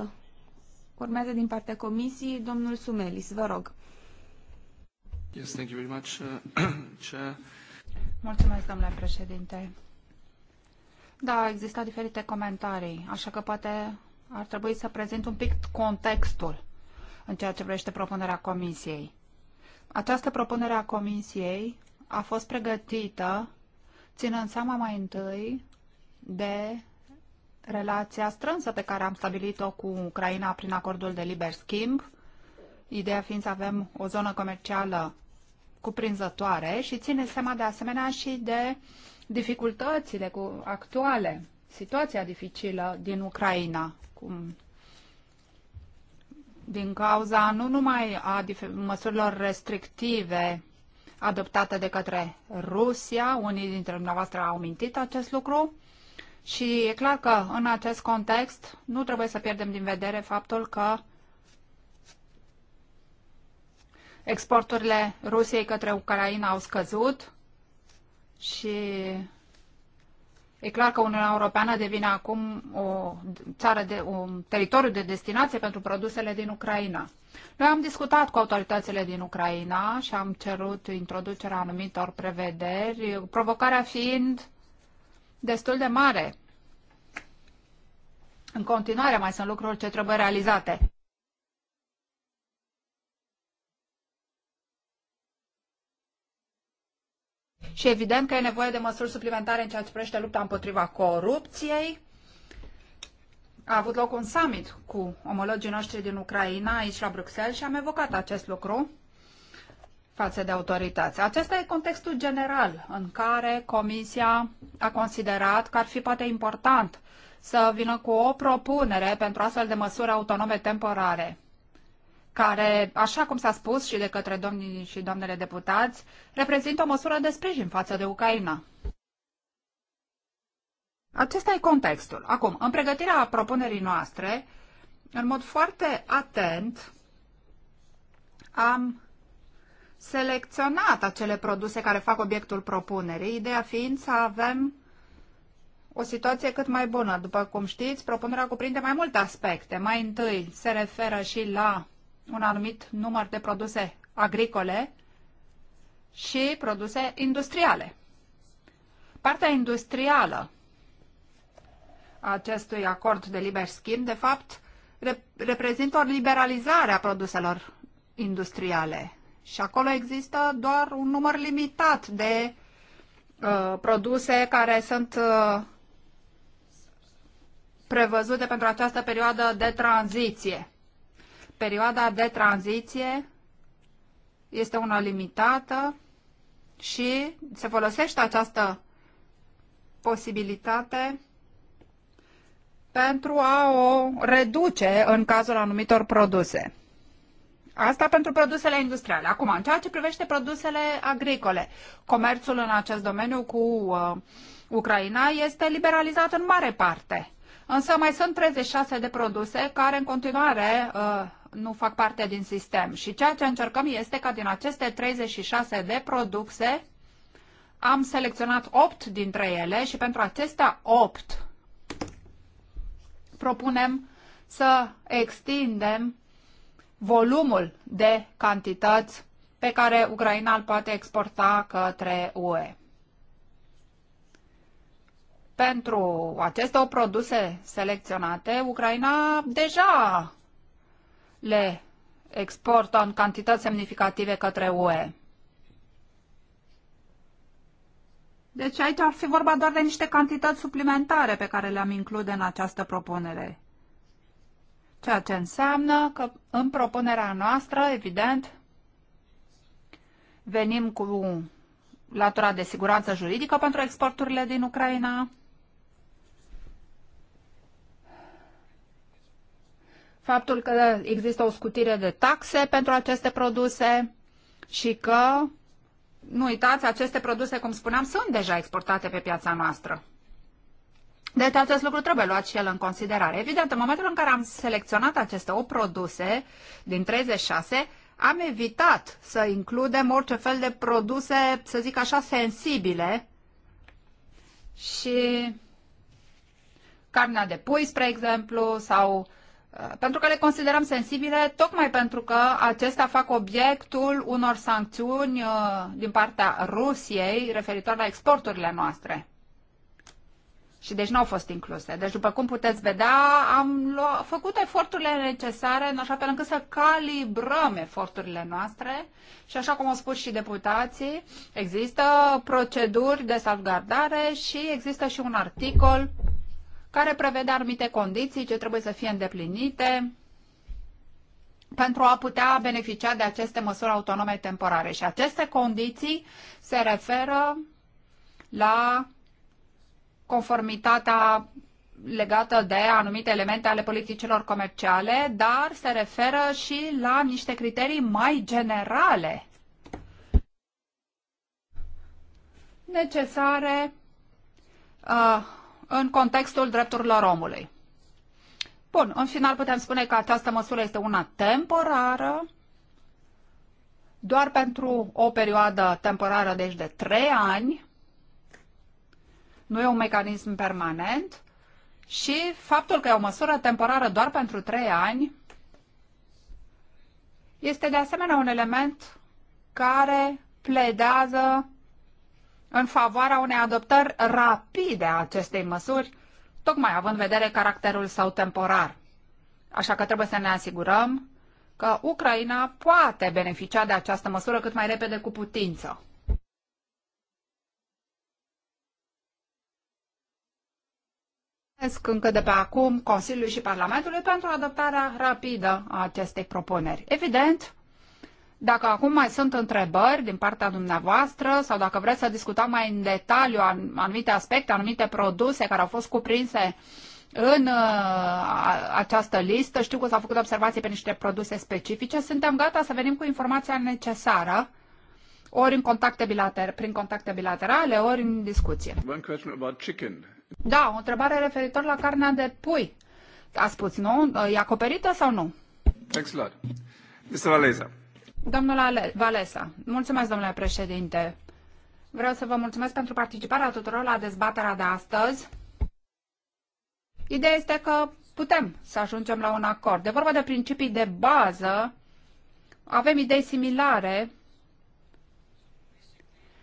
Urmează din partea comisiei domnul Sumelis, vă rog. Yes, thank you very much, uh, <clears throat> Chair. Mulțumesc, domnule președinte. Da, au existat diferite comentarii, așa că poate ar trebui să prezint un pic contextul în ceea ce privește propunerea Comisiei. Această propunere a Comisiei a fost pregătită ținând seama mai întâi de relația strânsă pe care am stabilit-o cu Ucraina prin acordul de liber schimb, ideea fiind să avem o zonă comercială cuprinzătoare și ține seama de asemenea și de dificultățile cu actuale, situația dificilă din Ucraina, cum din cauza nu numai a măsurilor restrictive adoptate de către Rusia, unii dintre dumneavoastră au mintit acest lucru, și e clar că în acest context nu trebuie să pierdem din vedere faptul că Exporturile Rusiei către Ucraina au scăzut și e clar că Uniunea Europeană devine acum o țară de, un teritoriu de destinație pentru produsele din Ucraina. Noi am discutat cu autoritățile din Ucraina și am cerut introducerea anumitor prevederi, provocarea fiind destul de mare. În continuare mai sunt lucruri ce trebuie realizate. și evident că e nevoie de măsuri suplimentare în ceea ce privește lupta împotriva corupției. A avut loc un summit cu omologii noștri din Ucraina aici la Bruxelles și am evocat acest lucru față de autorități. Acesta e contextul general în care Comisia a considerat că ar fi poate important să vină cu o propunere pentru astfel de măsuri autonome temporare care, așa cum s-a spus și de către domnii și doamnele deputați, reprezintă o măsură de sprijin față de Ucraina. Acesta e contextul. Acum, în pregătirea propunerii noastre, în mod foarte atent, am selecționat acele produse care fac obiectul propunerii, ideea fiind să avem o situație cât mai bună. După cum știți, propunerea cuprinde mai multe aspecte. Mai întâi se referă și la un anumit număr de produse agricole și produse industriale. Partea industrială a acestui acord de liber schimb, de fapt, reprezintă o liberalizare a produselor industriale. Și acolo există doar un număr limitat de uh, produse care sunt uh, prevăzute pentru această perioadă de tranziție perioada de tranziție este una limitată și se folosește această posibilitate pentru a o reduce în cazul anumitor produse. Asta pentru produsele industriale. Acum, în ceea ce privește produsele agricole, comerțul în acest domeniu cu uh, Ucraina este liberalizat în mare parte. Însă mai sunt 36 de produse care în continuare uh, nu fac parte din sistem. Și ceea ce încercăm este ca din aceste 36 de produse am selecționat 8 dintre ele și pentru acestea 8 propunem să extindem volumul de cantități pe care Ucraina îl poate exporta către UE. Pentru aceste produse selecționate, Ucraina deja le exportă în cantități semnificative către UE. Deci aici ar fi vorba doar de niște cantități suplimentare pe care le-am include în această propunere. Ceea ce înseamnă că în propunerea noastră, evident, venim cu latura de siguranță juridică pentru exporturile din Ucraina, faptul că există o scutire de taxe pentru aceste produse și că, nu uitați, aceste produse, cum spuneam, sunt deja exportate pe piața noastră. Deci acest lucru trebuie luat și el în considerare. Evident, în momentul în care am selecționat aceste 8 produse din 36, am evitat să includem orice fel de produse, să zic așa, sensibile și carnea de pui, spre exemplu, sau uh, Uh, pentru că le considerăm sensibile, tocmai pentru că acestea fac obiectul unor sancțiuni uh, din partea Rusiei referitor la exporturile noastre. Și deci nu au fost incluse. Deci, după cum puteți vedea, am luat, făcut eforturile necesare în așa fel încât să calibrăm eforturile noastre și așa cum au spus și deputații, există proceduri de salvgardare și există și un articol care prevede anumite condiții ce trebuie să fie îndeplinite pentru a putea beneficia de aceste măsuri autonome temporare. Și aceste condiții se referă la conformitatea legată de anumite elemente ale politicilor comerciale, dar se referă și la niște criterii mai generale necesare uh, în contextul drepturilor omului. Bun, în final putem spune că această măsură este una temporară, doar pentru o perioadă temporară, deci de 3 ani, nu e un mecanism permanent și faptul că e o măsură temporară doar pentru 3 ani este de asemenea un element care pledează în favoarea unei adoptări rapide a acestei măsuri, tocmai având în vedere caracterul său temporar. Așa că trebuie să ne asigurăm că Ucraina poate beneficia de această măsură cât mai repede cu putință. încă de pe acum Consiliului și Parlamentului pentru adoptarea rapidă a acestei propuneri. Evident, dacă acum mai sunt întrebări din partea dumneavoastră sau dacă vreți să discutăm mai în detaliu anumite aspecte, anumite produse care au fost cuprinse în uh, această listă, știu că s-au făcut observații pe niște produse specifice, suntem gata să venim cu informația necesară ori în contacte bilater- prin contacte bilaterale, ori în discuție. Da, o întrebare referitor la carnea de pui. A spus, nu? E acoperită sau nu? Thanks a lot. Mr. Valeza. Domnul Valesa, mulțumesc, domnule președinte. Vreau să vă mulțumesc pentru participarea tuturor la dezbaterea de astăzi. Ideea este că putem să ajungem la un acord. De vorba de principii de bază, avem idei similare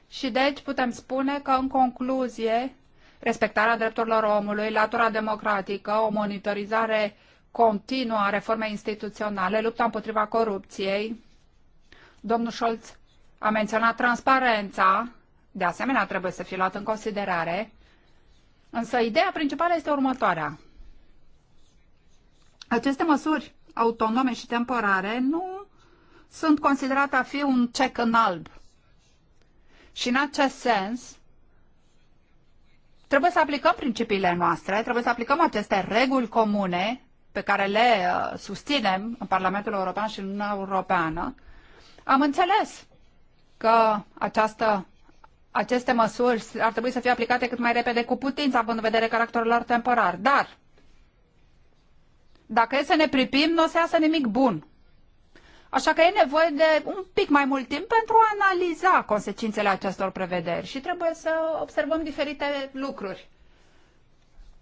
și deci putem spune că, în concluzie, respectarea drepturilor omului, latura democratică, o monitorizare continuă a reformei instituționale, lupta împotriva corupției, Domnul Scholz a menționat transparența, de asemenea trebuie să fie luată în considerare, însă ideea principală este următoarea. Aceste măsuri autonome și temporare nu sunt considerate a fi un cec în alb. Și în acest sens, trebuie să aplicăm principiile noastre, trebuie să aplicăm aceste reguli comune pe care le uh, susținem în Parlamentul European și în Uniunea Europeană, am înțeles că această, aceste măsuri ar trebui să fie aplicate cât mai repede cu putință, având în vedere caracterul lor temporar. Dar, dacă e să ne pripim, nu o să iasă nimic bun. Așa că e nevoie de un pic mai mult timp pentru a analiza consecințele acestor prevederi și trebuie să observăm diferite lucruri.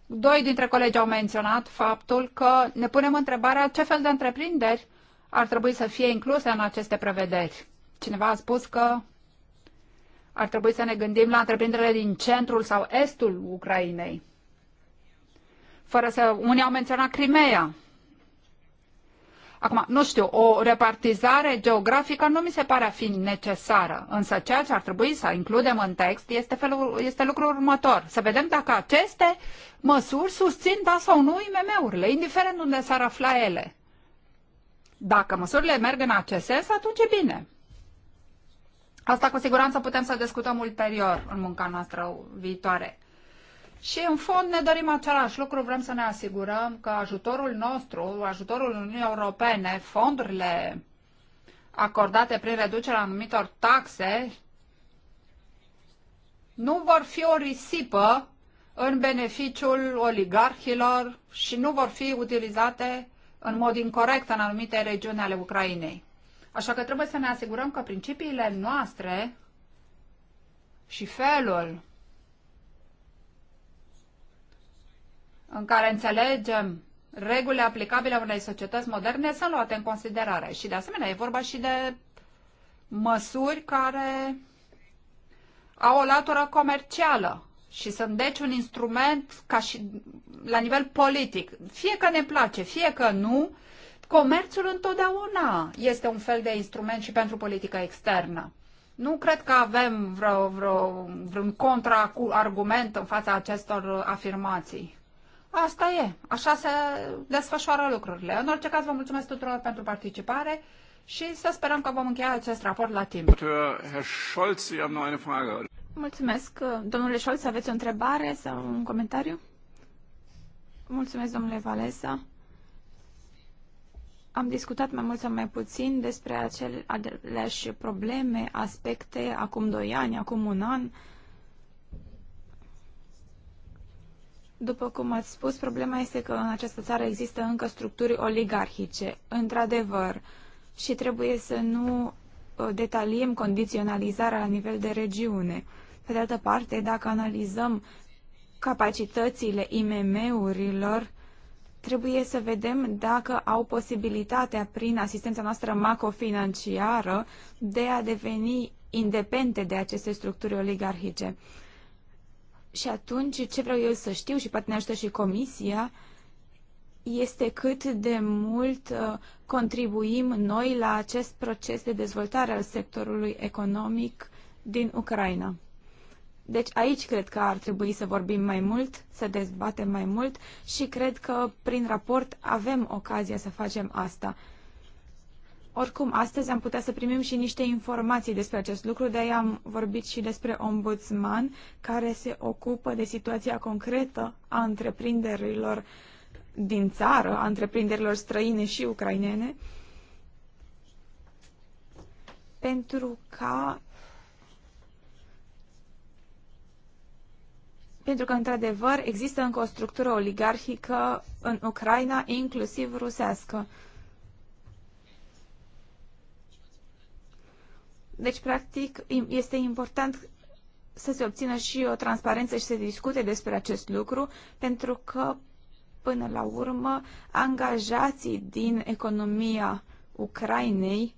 Doi dintre colegi au menționat faptul că ne punem întrebarea ce fel de întreprinderi ar trebui să fie incluse în aceste prevederi. Cineva a spus că ar trebui să ne gândim la întreprinderile din centrul sau estul Ucrainei. Fără să... Unii au menționat Crimea. Acum, nu știu, o repartizare geografică nu mi se pare a fi necesară, însă ceea ce ar trebui să includem în text este, felul, este lucrul următor. Să vedem dacă aceste măsuri susțin, da sau nu, IMM-urile, indiferent unde s-ar afla ele. Dacă măsurile merg în acest sens, atunci e bine. Asta cu siguranță putem să discutăm ulterior în munca noastră viitoare. Și în fond ne dorim același lucru, vrem să ne asigurăm că ajutorul nostru, ajutorul Uniunii Europene, fondurile acordate prin reducerea anumitor taxe, nu vor fi o risipă în beneficiul oligarhilor și nu vor fi utilizate în mod incorrect în anumite regiuni ale Ucrainei. Așa că trebuie să ne asigurăm că principiile noastre și felul în care înțelegem regulile aplicabile unei societăți moderne sunt luate în considerare. Și de asemenea e vorba și de măsuri care au o latură comercială și sunt deci un instrument ca și la nivel politic. Fie că ne place, fie că nu, comerțul întotdeauna este un fel de instrument și pentru politica externă. Nu cred că avem vreo, vreo, vreun contraargument în fața acestor afirmații. Asta e. Așa se desfășoară lucrurile. În orice caz, vă mulțumesc tuturor pentru participare și să sperăm că vom încheia acest raport la timp. Herr Scholz, Sie haben noch eine Frage. Mulțumesc. Domnule Scholz, aveți o întrebare sau un comentariu? Mulțumesc, domnule Valesa. Am discutat mai mult sau mai puțin despre aceleași probleme, aspecte, acum doi ani, acum un an. După cum ați spus, problema este că în această țară există încă structuri oligarhice, într-adevăr, și trebuie să nu detaliem condiționalizarea la nivel de regiune. Pe de altă parte, dacă analizăm capacitățile IMM-urilor, trebuie să vedem dacă au posibilitatea, prin asistența noastră macrofinanciară, de a deveni independente de aceste structuri oligarhice. Și atunci, ce vreau eu să știu, și poate ne ajută și Comisia, este cât de mult uh, contribuim noi la acest proces de dezvoltare al sectorului economic din Ucraina. Deci aici cred că ar trebui să vorbim mai mult, să dezbatem mai mult și cred că prin raport avem ocazia să facem asta. Oricum, astăzi am putea să primim și niște informații despre acest lucru, de aia am vorbit și despre ombudsman care se ocupă de situația concretă a întreprinderilor uh, din țară a întreprinderilor străine și ucrainene pentru ca pentru că, într-adevăr, există încă o structură oligarhică în Ucraina, inclusiv rusească. Deci, practic, este important să se obțină și o transparență și să se discute despre acest lucru, pentru că până la urmă, angajații din economia Ucrainei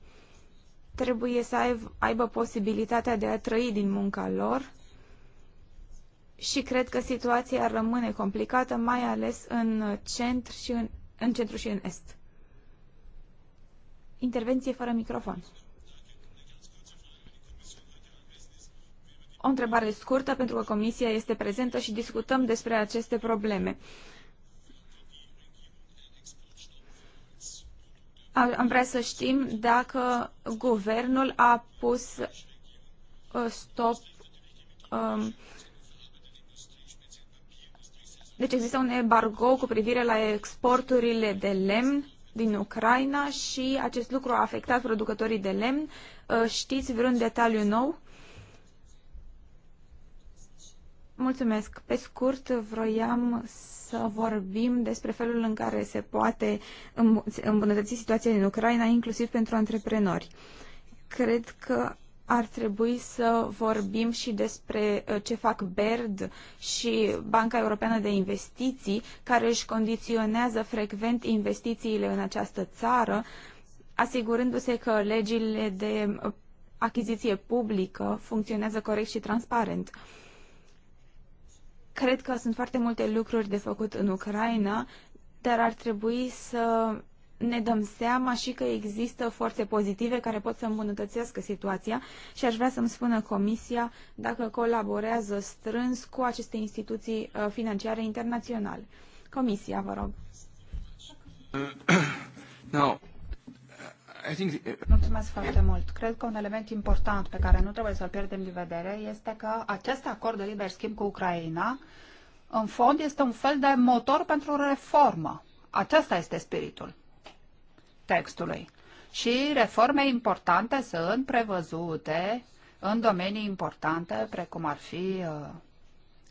trebuie să aibă, posibilitatea de a trăi din munca lor și cred că situația rămâne complicată, mai ales în centru și în, în, centru și în est. Intervenție fără microfon. O întrebare scurtă, pentru că Comisia este prezentă și discutăm despre aceste probleme. Am vrea să știm dacă guvernul a pus uh, stop. Um, deci există un embargo cu privire la exporturile de lemn din Ucraina și acest lucru a afectat producătorii de lemn. Uh, știți vreun detaliu nou? Mulțumesc. Pe scurt, vroiam să vorbim despre felul în care se poate îmbunătăți situația din Ucraina, inclusiv pentru antreprenori. Cred că ar trebui să vorbim și despre uh, ce fac BERD și Banca Europeană de Investiții, care își condiționează frecvent investițiile în această țară, asigurându-se că legile de uh, achiziție publică funcționează corect și transparent. Uh, Cred că sunt foarte multe lucruri de făcut în Ucraina, dar ar trebui să ne dăm seama și că există forțe pozitive care pot să îmbunătățească situația și aș vrea să-mi spună Comisia dacă colaborează strâns cu aceste instituții uh, financiare internaționale. Comisia, vă rog. No. Uh, Mulțumesc foarte mult. Cred că un element important pe care nu trebuie să-l pierdem din vedere este că acest acord de liber schimb cu Ucraina, în fond, este un fel de motor pentru reformă. Acesta este spiritul textului. Și reforme importante sunt prevăzute în domenii importante, precum ar fi uh,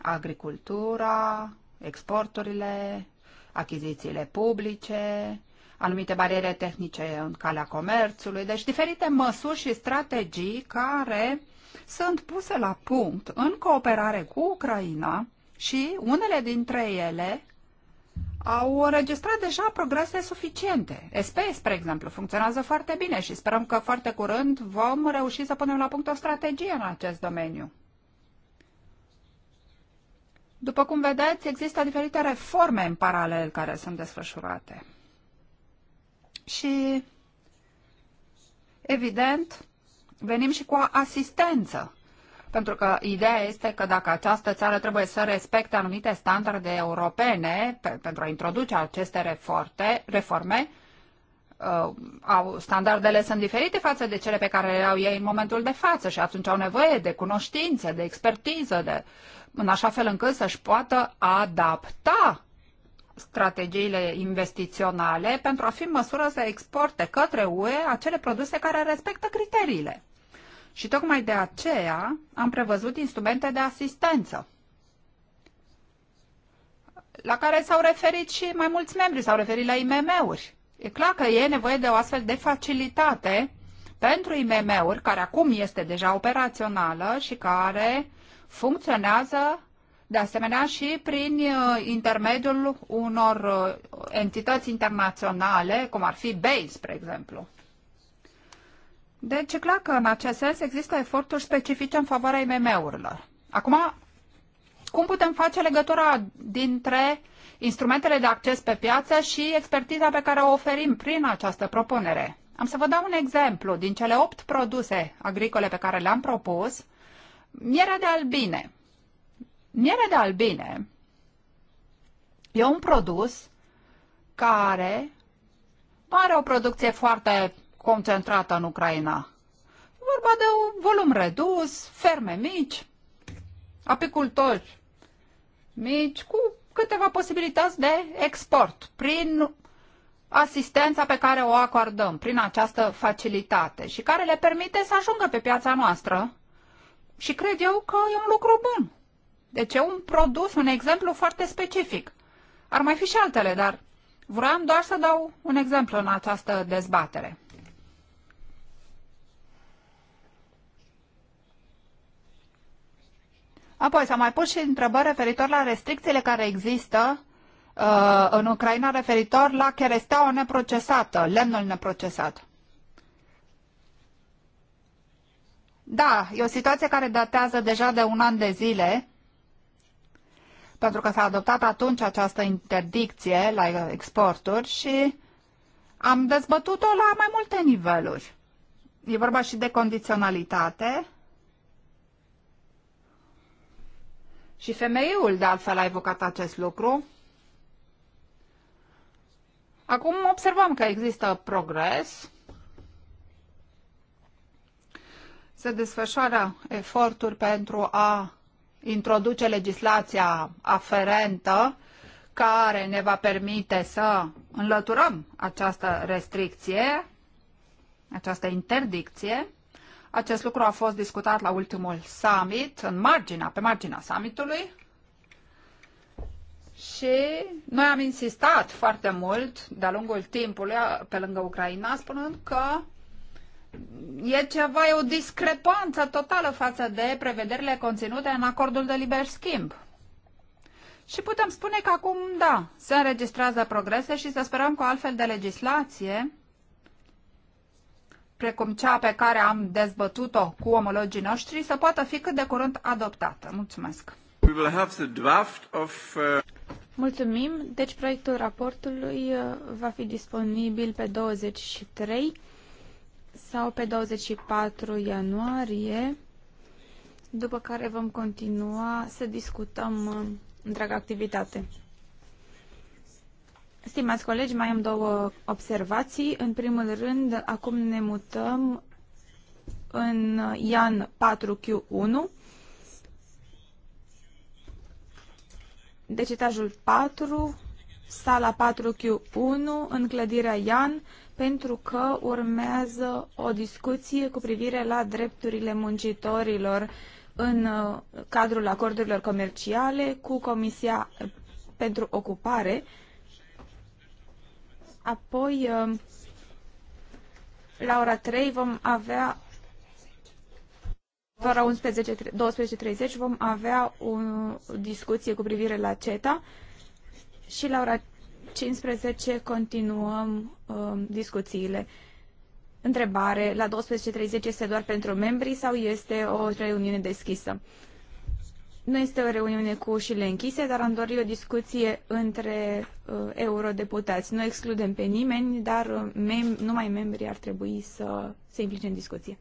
agricultura, exporturile, achizițiile publice, anumite bariere tehnice în calea comerțului, deci diferite măsuri și strategii care sunt puse la punct în cooperare cu Ucraina și unele dintre ele au înregistrat deja progrese suficiente. SPS, spre exemplu, funcționează foarte bine și sperăm că foarte curând vom reuși să punem la punct o strategie în acest domeniu. După cum vedeți, există diferite reforme în paralel care sunt desfășurate și, evident, venim și cu asistență. Pentru că ideea este că dacă această țară trebuie să respecte anumite standarde europene pe, pentru a introduce aceste reforte, reforme, uh, au, standardele sunt diferite față de cele pe care le au ei în momentul de față și atunci au nevoie de cunoștințe, de expertiză, de, în așa fel încât să-și poată adapta strategiile investiționale pentru a fi în măsură să exporte către UE acele produse care respectă criteriile. Și tocmai de aceea am prevăzut instrumente de asistență la care s-au referit și mai mulți membri, s-au referit la IMM-uri. E clar că e nevoie de o astfel de facilitate pentru IMM-uri, care acum este deja operațională și care funcționează de asemenea și prin uh, intermediul unor uh, entități internaționale, cum ar fi BASE, spre exemplu. Deci clar că în acest sens există eforturi specifice în favoarea IMM-urilor. Acum, cum putem face legătura dintre instrumentele de acces pe piață și expertiza pe care o oferim prin această propunere? Am să vă dau un exemplu din cele opt produse agricole pe care le-am propus. Mierea de albine, Miere de albine e un produs care are o producție foarte concentrată în Ucraina. E vorba de un volum redus, ferme mici, apicultori mici cu câteva posibilități de export prin asistența pe care o acordăm, prin această facilitate și care le permite să ajungă pe piața noastră. Și cred eu că e un lucru bun. Deci e un produs, un exemplu foarte specific. Ar mai fi și altele, dar vreau doar să dau un exemplu în această dezbatere. Apoi s-a mai pus și întrebări referitor la restricțiile care există uh, în Ucraina referitor la cheresteaua neprocesată, lemnul neprocesat. Da, e o situație care datează deja de un an de zile pentru că s-a adoptat atunci această interdicție la exporturi și am dezbătut-o la mai multe niveluri. E vorba și de condiționalitate. Și femeiul, de altfel, a evocat acest lucru. Acum observăm că există progres. Se desfășoară eforturi pentru a introduce legislația aferentă care ne va permite să înlăturăm această restricție, această interdicție. Acest lucru a fost discutat la ultimul summit, în marginea, pe marginea summitului. Și noi am insistat foarte mult de-a lungul timpului pe lângă Ucraina, spunând că e ceva, e o discrepanță totală față de prevederile conținute în acordul de liber schimb. Și putem spune că acum, da, se înregistrează progrese și să sperăm că altfel de legislație, precum cea pe care am dezbătut-o cu omologii noștri, să poată fi cât de curând adoptată. Mulțumesc! We will have the draft of, uh... Mulțumim! Deci proiectul raportului uh, va fi disponibil pe 23 sau pe 24 ianuarie, după care vom continua să discutăm uh, întreaga activitate. Stimați colegi, mai am două observații. În primul rând, acum ne mutăm în IAN 4Q1, deci etajul 4, sala 4Q1, în clădirea IAN, pentru că urmează o discuție cu privire la drepturile muncitorilor în uh, cadrul acordurilor comerciale cu Comisia pentru Ocupare. Apoi, uh, la ora 3 vom avea la ora 12.30 vom avea o discuție cu privire la CETA și la ora 15 continuăm um, discuțiile. Întrebare, la 12.30 este doar pentru membri sau este o reuniune deschisă? Nu este o reuniune cu ușile închise, dar am dorit o discuție între uh, eurodeputați. Nu excludem pe nimeni, dar uh, mem- numai membrii ar trebui să se implice în discuție.